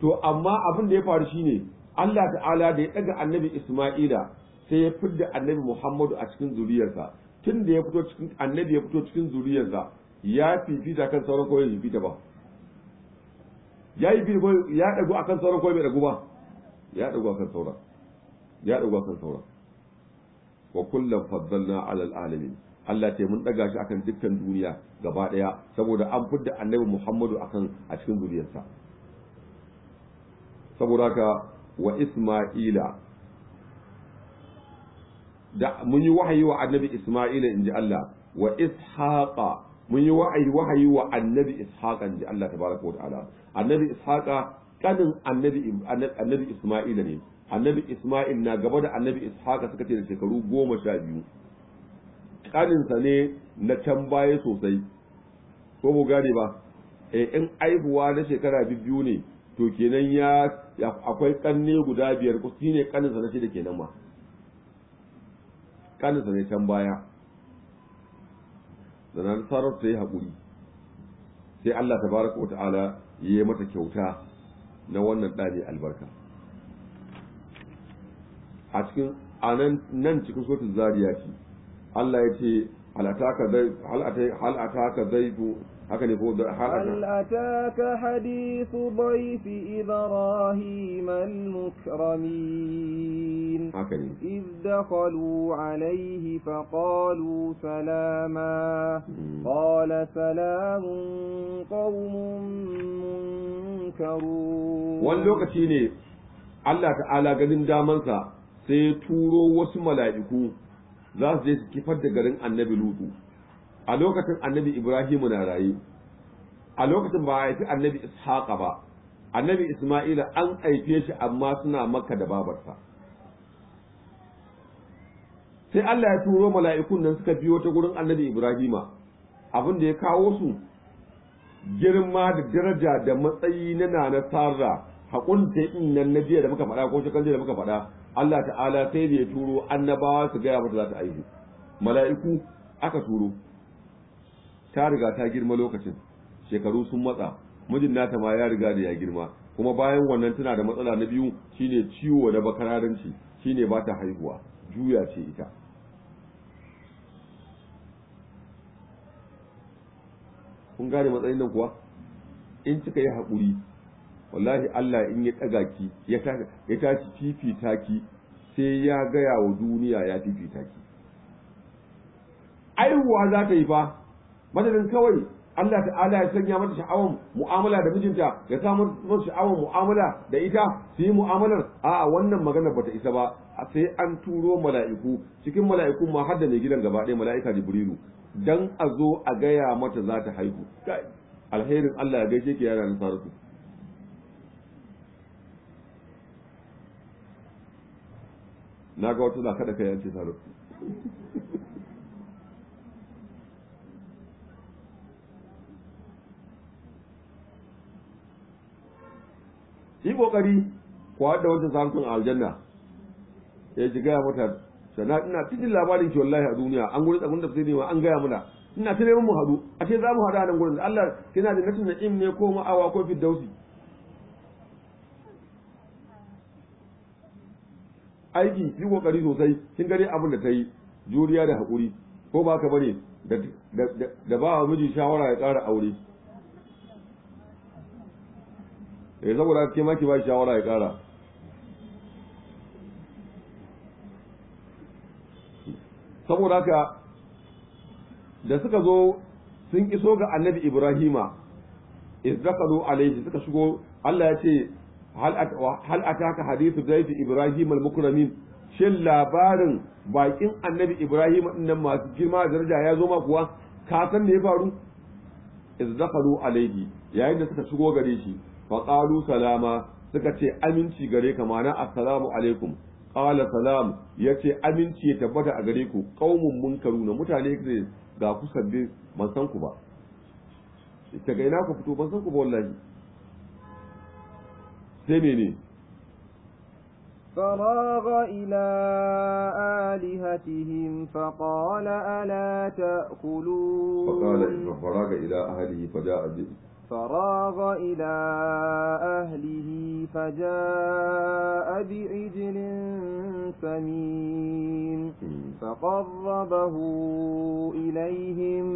to amma abin da ya faru shine Allah ta'ala da ya daga annabi isma'ila sai ya fidda annabi muhammadu a cikin zuriyarsa tun da ya fito cikin annabi ya fito cikin zuriyarsa ya fifita kan sauran koyon fifita ba ya yi bilbo ya dagu akan sauran ko bai ɗagu ba ya ɗagu akan sauran ya ɗagu akan sauran wa kullum faddalna alal alamin Allah ta mun daga shi akan dukkan duniya gaba ɗaya saboda an fidda annabi Muhammadu akan a cikin zuriyarsa saboda haka wa Isma'ila da mun yi wahayi wa annabi Isma'ila ji Allah wa Ishaqa mun yi wahayi wa annabi Ishaqa ji Allah tabaraka wa ta'ala annabi ishaqa kanin annabi annabi isma'ila ne annabi isma'il na gaba da annabi ishaqa suka ce da shekaru goma sha biyu kaninsa ne na can baya sosai ko mu gane ba eh in aihuwa na shekara biyu ne to kenan ya akwai kanne guda biyar ko shine kaninsa na shida kenan ma kaninsa ne can baya da nan sarar ta yi haƙuri sai Allah tabaraka wa ta'ala yi mata kyauta na wannan ɗa albarka a cikin nan cikin zariya zariyati Allah ya ce hal zai zaidu haka ne ko da halaka hal ataka hadithu dhayf ibrahim al mukramin haka ne iz dakhalu alayhi fa qalu salama hmm. qala salamun qaumun munkarun wani lokaci ne Allah ta'ala ganin damansa sai turo wasu mala'iku za su je su kifar da garin annabi lutu a lokacin annabi ibrahimu na raye a lokacin ba a haifi annabi ishaqa ba annabi isma'ila an haife shi amma suna makka da babarsa sai Allah ya turo mala'ikun nan suka biyo ta gurin annabi ibrahima abin da ya kawo su girma da daraja da matsayi na nana sarra haƙun ta na jiya da muka faɗa ko shekaru da muka faɗa Allah ta'ala sai da ya turo annabawa su gaya mata za ta aihu mala'iku aka turo ta riga ta girma lokacin shekaru sun matsa mijin nata ma ya riga da ya girma kuma bayan wannan tana da matsala na biyu shine ciwo da bakararanci shine ba ta haihuwa juya ce ita kun gane matsayin nan kuwa in kika yi haƙuri wallahi Allah in ya ɗaga ki ya tashi fifita ki sai ya gaya wa duniya ya fifita ki aihuwa za ta yi fa madadin kawai Allah ta'ala ya sanya mata sha'awar mu'amala da mijinta ya samu mata sha'awar mu'amala da ita su yi mu'amalar a wannan maganar bata isa ba sai an turo mala'iku cikin mala'iku ma har da mai gidan gaba ɗaya mala'ika jibrilu dan a zo a gaya mata za ta haihu alherin Allah ya gaishe ki yana nasara ku na ga wata na kada kai an ce <laughs> yi kokari ku haɗa wata samun aljanna ya ji gaya mata sana ina cikin labarin ki wallahi a duniya an gurin tsakon da ne an gaya mana ina ta neman mu haɗu a ce za mu haɗu a nan gurin Allah kina da nasin na'im ne ko ma'awa ko fiddausi aiki yi kokari sosai kin gani abin da ta yi juriya da haƙuri ko ba ka bane da ba wa miji shawara ya ƙara aure eh saboda ke ma ki ba shawara ya kara saboda haka da suka zo sun iso ga annabi ibrahima izdakalu alaihi suka shigo Allah ya ce hal ataka hadithu dayfi ibrahim al-mukramin shin labarin bakin annabi ibrahim nan masu girma daraja ya zo ma kuwa ka san me ya faru izdakalu alaihi yayin da suka shigo gare shi faƙalu salama suka ce aminci gare ka ma'ana assalamu alaikum qala salam yace aminci ya tabbata a gare ku qaumun na mutane da ga ku sabbi ban san ku ba ita ga ina ku fito ban san ku ba wallahi sai mene فراغ إلى آلهتهم فقال ألا تأكلون فقال فراغ إلى أهله فجاء فراغ إلى أهله فجاء بعجل سمين فقربه إليهم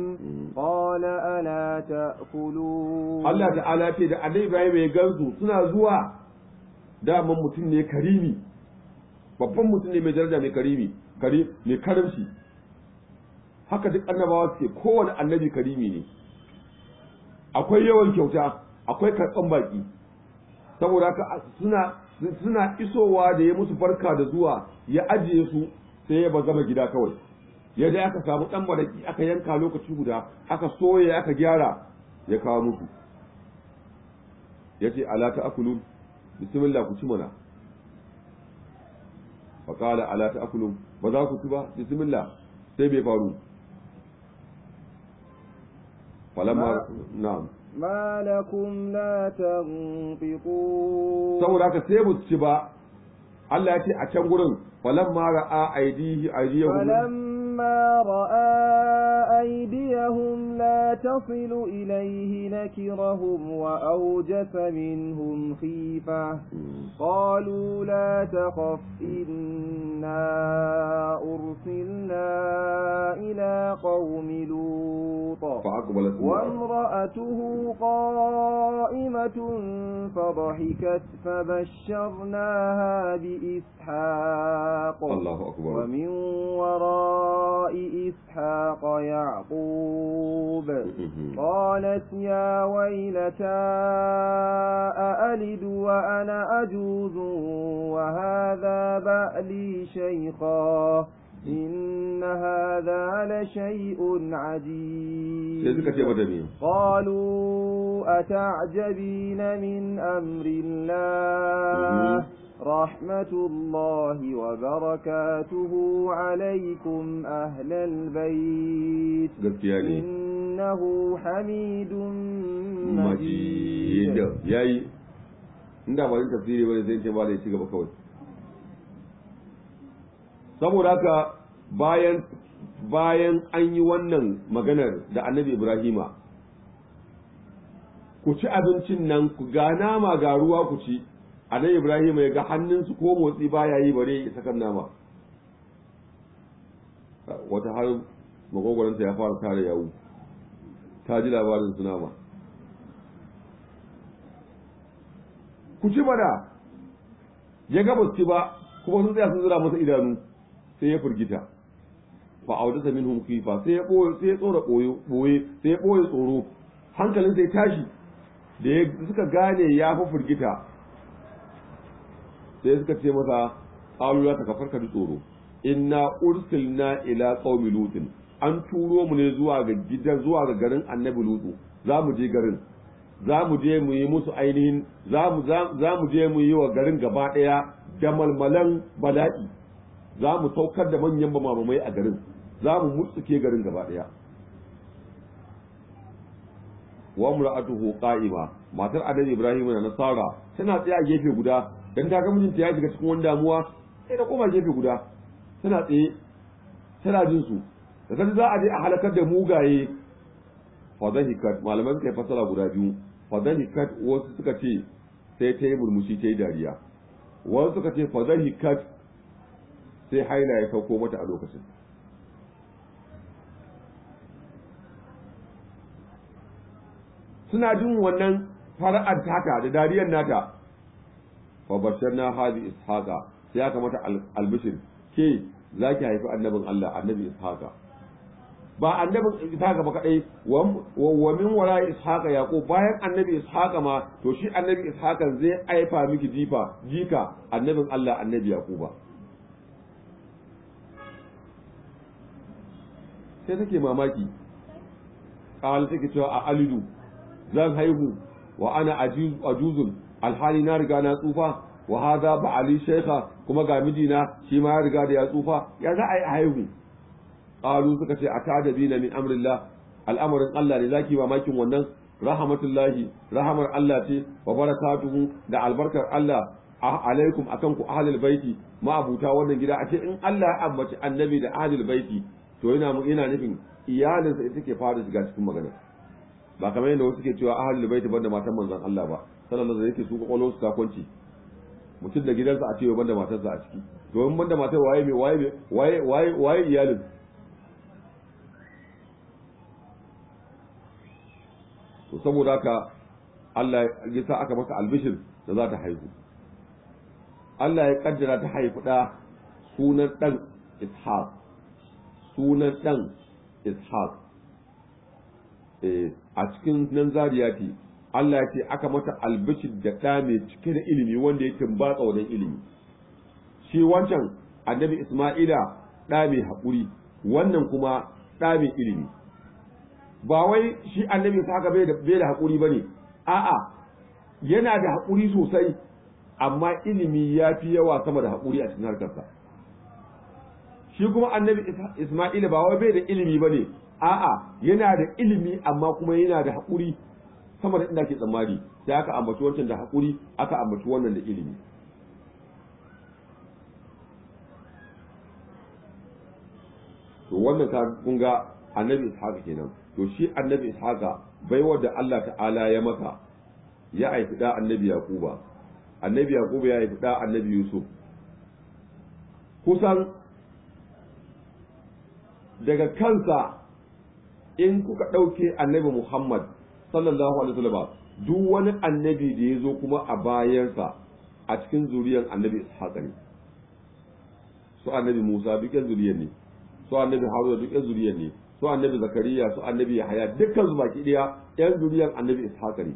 قال ألا تأكلون الله تعالى كده عليه إبراهيم يقنزو سنة زوا دائما متن كريمي babban mutum ne mai daraja mai karimi mai karimci haka duk annabawa suke kowane annabi karimi ne akwai yawan kyauta akwai karɓan baki saboda haka suna suna isowa da ya musu barka da zuwa ya ajiye su sai ya bazama gida kawai ya je aka samu ɗan baraki aka yanka lokaci guda aka soya aka gyara ya kawo musu ya ce ala ta akulun bismillah ku ci mana faƙala ala ta akulun ba za ku ci ba bismillah sai bai faru malakun na'am ma lakum la tanfiqun saboda haka sai ci ba Allah ya ce a can gurin falamma ra'a aidihi aydiyahu فلما رأى أيديهم لا تصل إليه نكرهم وأوجس منهم خيفة قالوا لا تخف إنا أرسلنا إلى قوم لوط وامرأته قائمة فضحكت فبشرناها بإسحاق الله أكبر ومن وراء إسحاق يعقوب <laughs> قالت يا ويلتى أألد وأنا أجوز وهذا بألي شيخا إن هذا لشيء عجيب قالوا أتعجبين من أمر الله <laughs> Rahmatullahi wa وبركاته alaikum أهل البيت يعني. إنه حميد مجيد ياي inda ba yin tafsiri bane sai ce ba da ya ci gaba kawai saboda haka bayan an yi wannan maganar da annabi ibrahima ku ci abincin nan ku ga nama ga ruwa ku ci annabi ibrahim ya ga hannunsu ko motsi ba ya yi bare ya sakan nama wata har magogoranta ya fara tare yawu ta ji labarin su nama ku ci mana ya ga ba ci ba kuma sun tsaya sun zira masa idanu sai ya firgita fa a wata khifa sai ya boye sai ya tsora boye boye sai ya boye tsoro hankalin sai tashi da suka gane ya fa firgita sai suka ce masa ya ta kafarka da tsoro inna ursilna ila qaumi lutin an turo mu ne zuwa ga gidan zuwa ga garin annabi lutu za mu je garin za mu je mu yi musu ainihin za mu je mu yi wa garin gaba daya da malmalan bala'i za mu saukar da manyan bamamamai a garin za mu mutsuke garin gaba daya wa mura'atuhu qa'ima matar adam ibrahim na nasara tana tsaye a gefe guda dan ta ga mijinta ya shiga cikin wani damuwa sai ta koma gefe guda tana tsaye tana jin su da sai za a je a halakar da mugaye hikat malaman suka yi fasara guda biyu hikat wasu suka ce sai ta yi murmushi ta yi dariya wasu suka ce hikat sai haila ya sauko mata a lokacin suna jin wannan fara'ar tata da dariyar nata fa na hadi ishaqa sai aka mata albishir ke zaki haifi annabin Allah annabi ishaqa ba annabin ishaqa ba kadai wa min wara ishaqa yaqub bayan annabi ishaqa ma to shi annabi ishaqa zai aifa miki jifa jika annabin Allah annabi yaquba sai take mamaki qala take cewa a alidu zan haihu wa ana ajuzun alhali na riga na tsufa wa hadha ba ali shekha kuma ga mijina shi ma ya riga da ya tsufa ya za a yi haihu qalu suka ce na min amrillah al'amarin Allah ne zaki ba makin wannan rahmatullahi rahamar Allah ce wa barakatuhu da albarkar Allah alaikum akan ku ahlul baiti ma abuta wannan gida a ce in Allah ya ambaci annabi da ahlul baiti to yana ina nufin iyalinsa ita take fara shiga cikin magana ba kamar yadda wasu ke cewa ahlul baiti banda matan manzon Allah ba sallallahu alaihi yake su kwakwalwar su takwanci mutum da gidansa a ce yau banda matarsa a ciki domin banda matar waye mai waye waye waye waye iyalin to saboda haka Allah ya sa aka masa albishir da za ta haihu Allah ya kaddara ta haifi da sunan dan Ishaq sunan dan Ishaq eh, a cikin nan zariyati Allah ya ce aka mata albishi da ɗa mai cike da ilimi wanda yake ba tsawon ilimi shi wancan annabi Isma'ila ɗa mai haƙuri wannan kuma ɗa mai ilimi ba wai shi annabi sa haka bai da haƙuri ba ne a'a yana da haƙuri sosai amma ilimi ya fi yawa sama da haƙuri a cikin harkarsa shi kuma annabi Isma'ila ba wai bai da ilimi ba ne a'a yana da ilimi amma kuma yana da haƙuri sama da inda ke tsammani sai aka ambaci wancan da haƙuri aka ambaci wannan da ilimi to wannan ta kunga annabi ishaqa kenan to shi annabi ishaqa baiwar da Allah ta'ala ya maka ya aiki da annabi yaquba annabi yaquba ya aiki da annabi yusuf kusan daga kansa in kuka ɗauke annabi muhammad sallallahu alaihi wasallam duk wani annabi da ya zo kuma a bayansa a cikin zuriyar annabi ishaqa ne su annabi musa duk yan zuriyar ne su annabi haruna duk yan zuriyar ne su annabi zakariya su annabi yahaya dukkan su baki daya yan zuriyar annabi ishaqa ne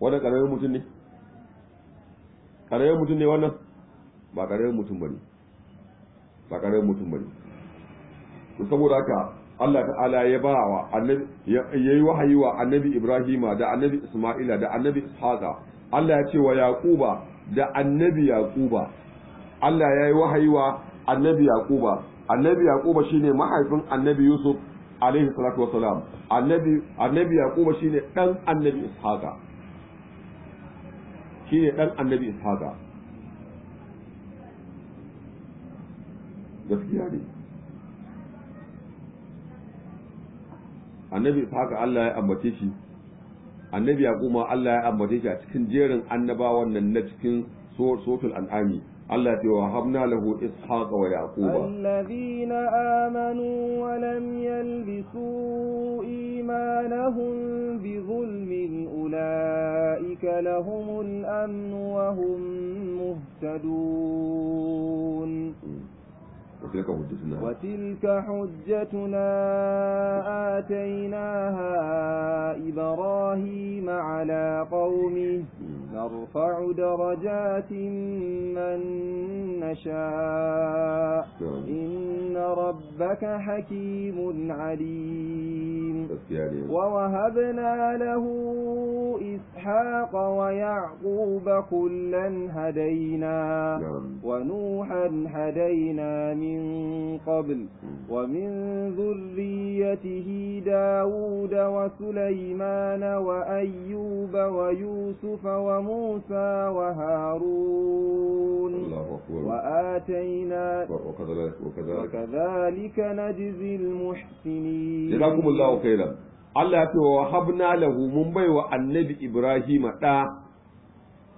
wannan karamin mutum ne karamin mutum ne wannan ba karamin mutum bane ba karamin mutum bane saboda haka Allah ta'ala ya ba wa annabi yayi wahayi wa annabi Ibrahima da annabi Isma'ila da annabi Ishaqa Allah ya ce wa Yaquba da annabi Yaquba Allah ya yi wahayi wa annabi Yaquba annabi Yaquba shine mahaifin annabi Yusuf alaihi salatu wassalam annabi annabi Yaquba shine dan annabi Ishaqa shine dan annabi Ishaqa gaskiya ne annabi haka Allah ya ambace shi annabi yaquma Allah ya ambace shi a cikin jerin annabawan nan na cikin suratul an'ami Allah ya wa habna lahu ishaqa wa yaquba alladhina amanu wa lam yalbisu imanahum bi zulmin ulaika lahumul amn wa hum muhtadun وتلك حجتنا وتلك حجتنا آتيناها إبراهيم على قومه نرفع درجات من نشاء نعم. إن ربك حكيم عليم يعني ووهبنا له إسحاق ويعقوب كلا هدينا نعم. ونوحا هدينا من قبل ومن ذريته داود وسليمان وأيوب ويوسف ومن موسى وهارون الله أكبر وآتينا وكذلك, وكذلك نجزي المحسنين جزاكم الله خيرا Allah ya ce wa habna lahu mun bai wa annabi Ibrahim ɗa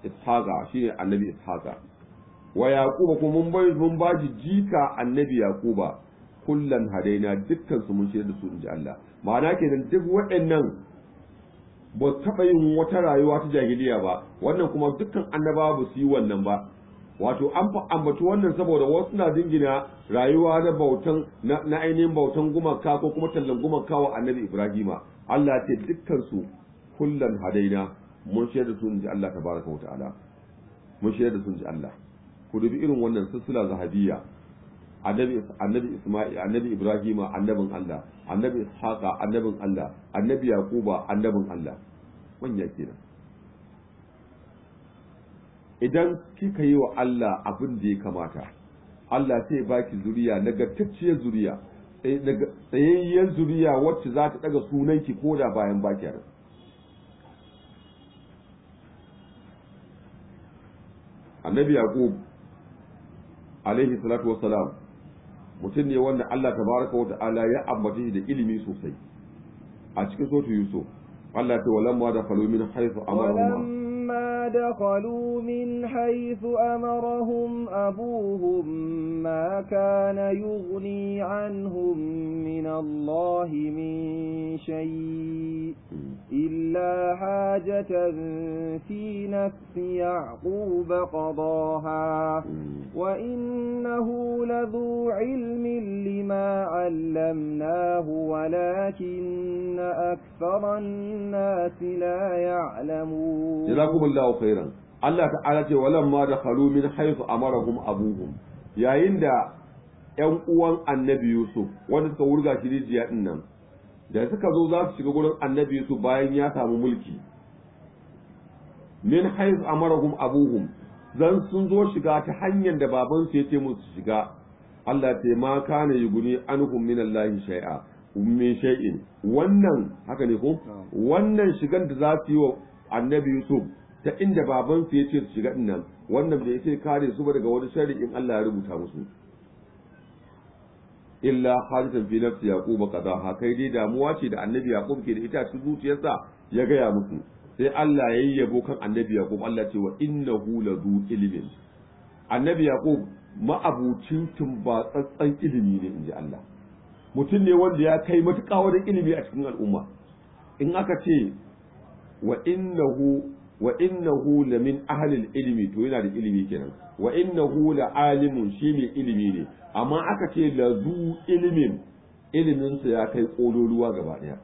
Ishaqa shine annabi Ishaqa wa Yaquba kuma mun bai mun jika annabi Yaquba kullan hadaina dukkan su shirya da su inji Allah ma'ana kenan duk waɗannan ba taɓa yin wata rayuwa ta jahiliya ba wannan kuma dukkan annabawa ba su yi wannan ba wato an ambaci wannan saboda wasu na dingina rayuwa na bautan na ainihin bautan gumaka ko kuma tallan gumaka wa annabi ibrahima Allah ce dukkan su kullan hadaina mun shaida da su Allah tabaraka wa ta'ala mun da Allah ku dubi irin wannan silsila zahabiyya annabi Isma'il annabi Ibrahim annabin Allah annabi Ishaqa annabin Allah annabi Yaquba annabin Allah manya kenan idan kika yi wa Allah abin da ya kamata Allah sai baki zuriya nagartacciyar zuriya eh, tsayayyen zuriya wacce za ta daga sunanki ko da bayan baki annabi yaqub alaihi salatu wassalam mutum ne wanda Allah baraka wa ta'ala ya ambace shi da ilimi sosai a cikin sotu Yusuf Allah ta walamma da kalu min haythu amarahum فلما دخلوا min حيث أمرهم أبوهم ما كان يغني عنهم من الله من شيء إلا حاجة في نفس يعقوب قضاها وإنه لذو علم لما علمناه ولكن أكثر الناس لا يعلمون جزاكم الله خيرا Allah تعالى ولما دخلوا من حيث أمرهم أبوهم يا abuhum yayin uwan Annabi Yusuf wanda suka wurga shi rijiya ɗin nan da suka zo za su shiga gurin Annabi Yusuf bayan ya samu mulki min haiz amarahum abuhum zan sun zo shiga ta hanyar da babansu ya ce musu shiga Allah ce ma kana yuguni anhum um, min Allahi shay'a ummi shay'in wannan haka ne ko wannan shigan da za su yi wa annabi Yusuf ta inda babansu ya ce su shiga dinnan wannan bai yace kare su ba daga wani sharri in Allah ya rubuta musu illa hadisan fi nafsi yaqub qadaha kai dai damuwa ce da annabi yaqub ke da ita su zuciyarsa ya gaya musu sai Allah ya yi yabo kan annabi Yaqub Allah ce wa innahu ladu ilmin annabi Yaqub ma'abucin tumbatsatsan ilimi ne inji Allah mutum ne wanda ya kai matuƙa wajen ilimi a cikin al'umma in aka ce wa innahu wa innahu la min ahli ilmi to yana da ilimi kenan wa innahu la alimun shi ne ilimi ne amma aka ce la zu ilmin iliminsa ya kai ƙololuwa gaba ɗaya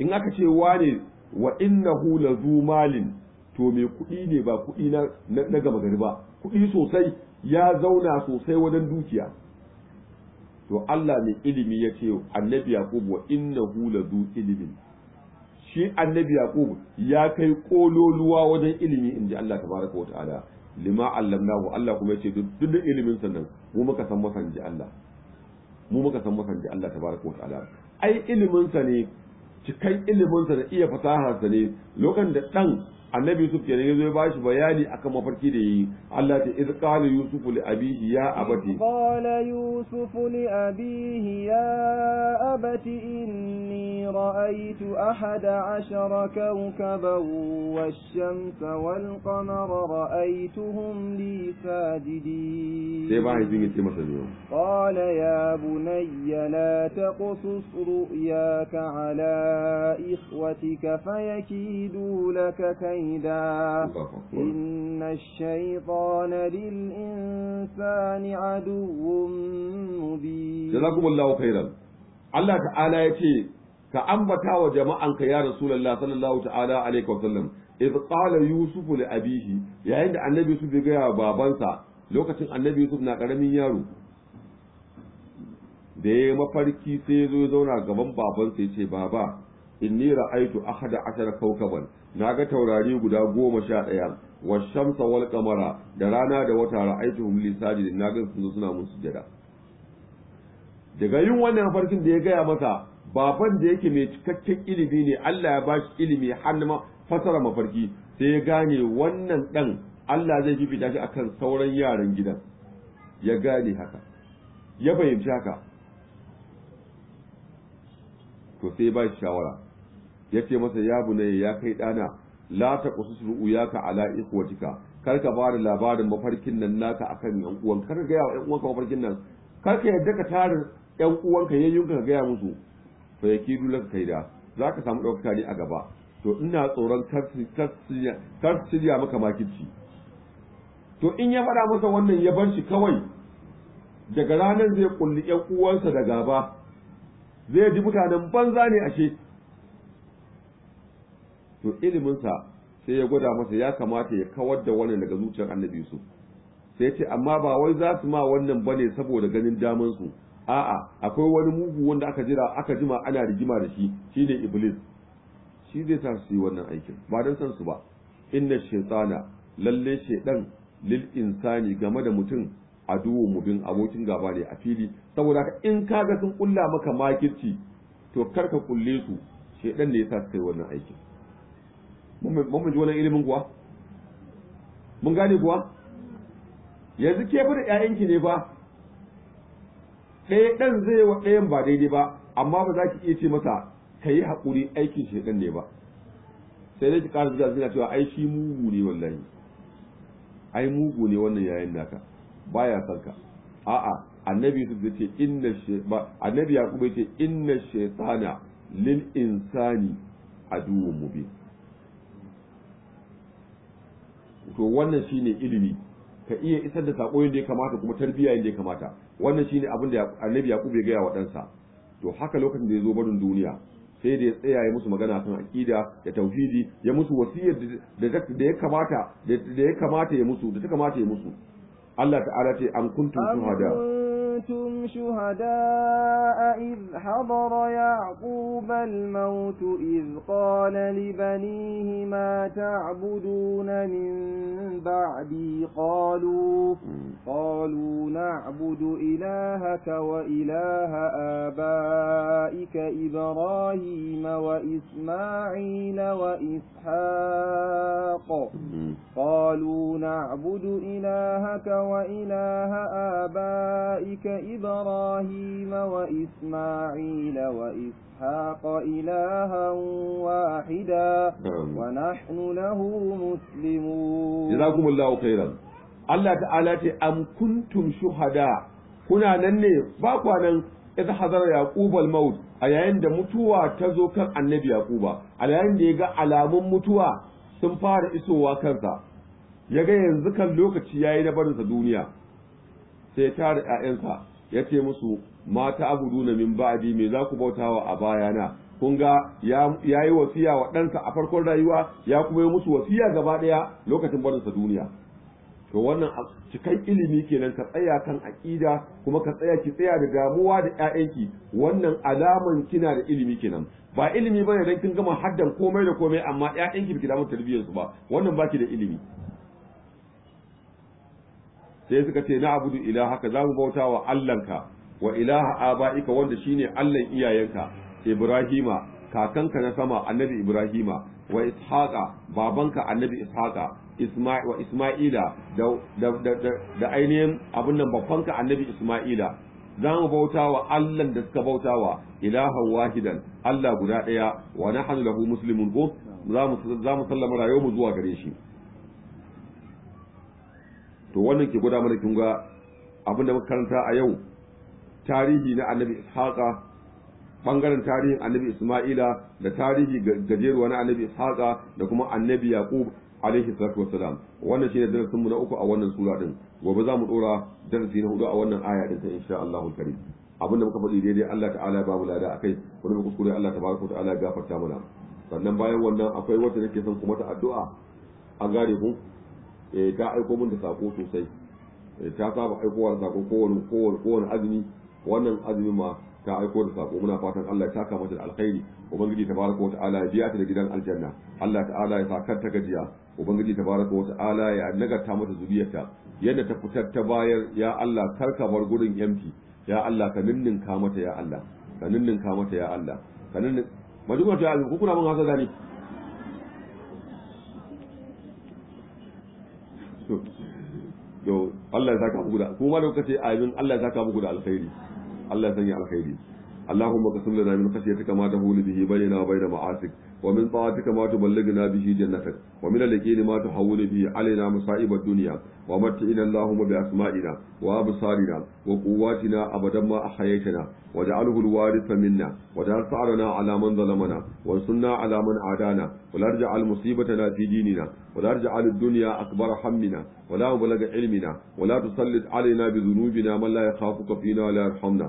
in aka ce wane wa innahu zu malin to me kuɗi ne ba kuɗi na gaba gari ba kuɗi sosai ya zauna sosai wajen dukiya to Allah mai ilimi ya ce annabi yaqub wa innahu zu ilimin shi annabi yaqub ya kai kololuwa wajen ilimi inji Allah tabaraka wa ta'ala lima allamnahu Allah kuma yace duk duk ilimin sannan mu muka san masa inji Allah mu muka san masa inji Allah tabaraka wa ta'ala ai ilimin sa ne cikan iliminsa da iya fasaharsa ne lokacin da ɗan annabi yusuf kenan yazo ya bashi bayani akan mafarki da yi Allah ta iz qala yusuf li abihi ya abati qala yusuf li abihi ya abati inni ra'aytu ahada ashara kawkaban wash-shamsa wal-qamara ra'aytuhum li sajidin sai ba hijin yace masa ne qala ya bunayya la taqsus ru'yaka ala ikhwatika fayakidu laka kay بعيدا إن الشيطان للإنسان عدو مبين جزاكم الله خيرا الله تعالى يتي كأنبتا وجماعا يا رسول الله صلى الله تعالى عليه وسلم إذ قال يوسف لأبيه يعني عند النبي يوسف يا بابانسا lokacin annabi yusuf na karamin يارو da ya mafarki sai ya zo ya zauna gaban babansa ya ce baba ni ra'aitu a ahada ashara kaukaban na ga taurari guda goma sha ɗaya wa shamsa wal kamara da rana da wata hum li sajidin na ga su suna mun sujada daga yin wannan farkin da ya gaya masa baban da yake mai cikakken ilimi ne Allah ya bashi ilimi har ma fasara mafarki sai ya gane wannan dan Allah zai fifita shi akan sauran yaran gidan ya gane haka ya fahimci haka to sai ba shawara yace masa ya bunayya ya kai dana la ya ka ala ikhwatika kar ka bada labarin mafarkin nan naka akan yan uwan kar ka wa yan uwanka mafarkin nan kar ka yadda ka tarin yan uwanka yayin ka ga musu fa yakidu da kaida ka samu dauka ne a gaba to ina tsoron kar su shirya maka makirci to in ya faɗa masa wannan ya bar shi kawai daga ranar zai kulli yan uwansa da gaba zai ji mutanen banza ne ashe to iliminsa sai ya gwada masa ya kamata ya kawar da wannan daga zuciyar annabi yusuf sai ce amma ba wai za su ma wannan bane saboda ganin daman su a'a akwai wani mugu wanda aka jira aka jima ana rigima da shi shine iblis shi zai sa su yi wannan aikin ba don san su ba inna shaytana lalle shaydan lil insani game da mutum duwo mubin abokin gaba ne a fili saboda ka in ka ga sun kulla maka makirci to karka kulle su shaydan ne ya sa su yi wannan aikin mun ji wannan ilimin kuwa mun gane kuwa yanzu ke da ƴaƴanki ne fa ɗaya ɗan zai wa ɗayan ba daidai ba amma ba za ki iya ce masa ka yi haƙuri aikin shi ɗan ne ba sai dai ki ƙara zuwa zina cewa ai shi mugu ne wallahi ai mugu ne wannan yayin naka baya ya sarka a'a annabi su ce inna ba annabi yaqub ce inna shaytana lil insani aduwwun mubin to wannan shine ilimi ka iya isar da sako yadda ya kamata kuma tarbiyya yadda ya kamata wannan shine abin da annabi yaqub ya gaya wa ɗansa to haka lokacin da ya zo barin duniya sai da ya tsaya ya musu magana kan aqida da tauhidi ya musu wasiyar da ya kamata da ya kamata ya musu da ta kamata ya musu Allah ta'ala ce an kuntum shuhada كنتم شهداء إذ حضر يعقوب الموت إذ قال لبنيه ما تعبدون من بعدي قالوا قالوا نعبد إلهك وإله آبائك أولئك إبراهيم وإسماعيل وإسحاق قالوا نعبد إلهك وإله آبائك إبراهيم وإسماعيل وإسحاق إلها واحدا نعم. ونحن له مسلمون جزاكم الله خيرا الله تعالى أم كنتم شهداء هنا nan ne idh hadara yaqub al a yayin da mutuwa ta zo kan annabi yaquba a yayin da ya ga alamun mutuwa sun fara isowa kansa ya ga yanzu kan lokaci yayi na barinsa duniya sai ya tara ƴaƴansa ya ce musu mata abuduna min ba'di me za ku bautawa a bayana kun ga ya wasiya wa ɗansa a farkon rayuwa ya kuma yi musu wasiya gaba ɗaya lokacin barinsa duniya to wannan cikan ilimi kenan ka tsaya kan aƙida kuma ka tsaya ki tsaya da damuwa da ƴaƴanki wannan alaman kina da ilimi kenan ba ilimi bane dan kin gama haddan komai da komai amma ƴaƴanki biki damu tarbiyyar su ba wannan baki da ilimi sai suka ce na abudu ilahaka zamu bauta wa ka wa ilaha aba'ika wanda shine Allahn iyayenka Ibrahima kakanka na sama annabi Ibrahima wa Ishaqa babanka annabi Ishaqa wa Isma'ila da ainihin abin nan ka annabi Isma'ila za mu bauta wa Allah da suka bauta wa ilahan wahidan Allah guda ɗaya wa nahnu lahu muslimun ko za mu sallama mu zuwa gare shi to wannan ke gwada mana kin ga abin da muka karanta a yau tarihi na annabi Ishaqa bangaren tarihin annabi Ismaila da tarihi gajeruwa na annabi Ishaqa da kuma annabi Yaqub alaihi salatu wassalam wannan shine darasin mu na uku a wannan sura din gobe za mu dora darasi na hudu a wannan aya din ta insha Allahu karim abin da muka faɗi daidai Allah ta'ala ba mu lada akai wani kuskure Allah tabaraka ta'ala ya gafarta mana sannan bayan wannan akwai wata nake son kuma ta addu'a an gare ku eh ta aiko mun da sako sosai eh, ta saba aikowa da sako kowane kowane azumi wannan azumi ma ta aiko da sako muna fatan Allah ya saka mata da alkhairi ubangiji tabaraka wa ta'ala ya biya ta da gidan aljanna Allah ta'ala ya saka ta gajiya ubangiji tabaraka wa ta'ala ya nagarta mata zuriyarta yadda ta fitar ta bayar ya Allah karka bar gurin yamti ya Allah ka ninninka mata ya Allah ka ninninka mata ya Allah ka ninnin majuma ta ku kuna mun hasa zani to Allah ya saka muku da kuma lokaci ayin Allah ya saka muku da alkhairi الله يسجي على خيرين اللهم اغفر لنا من خشيتك ما تهول به بيننا وبين معاصيك ومن طاعتك ما تبلغنا به جنتك ومن اليقين ما تحول به علينا مصائب الدنيا ومتعنا اللهم بأسمائنا وأبصارنا وقواتنا أبدا ما أحييتنا واجعله الوارث منا واجعل ثأرنا على من ظلمنا وانصرنا على من عادانا ولا تجعل مصيبتنا في ديننا ولا تجعل الدنيا أكبر همنا ولا مبلغ علمنا ولا تسلط علينا بذنوبنا من لا يخافك فينا ولا يرحمنا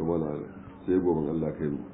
to mana sai gobe Allah kai mu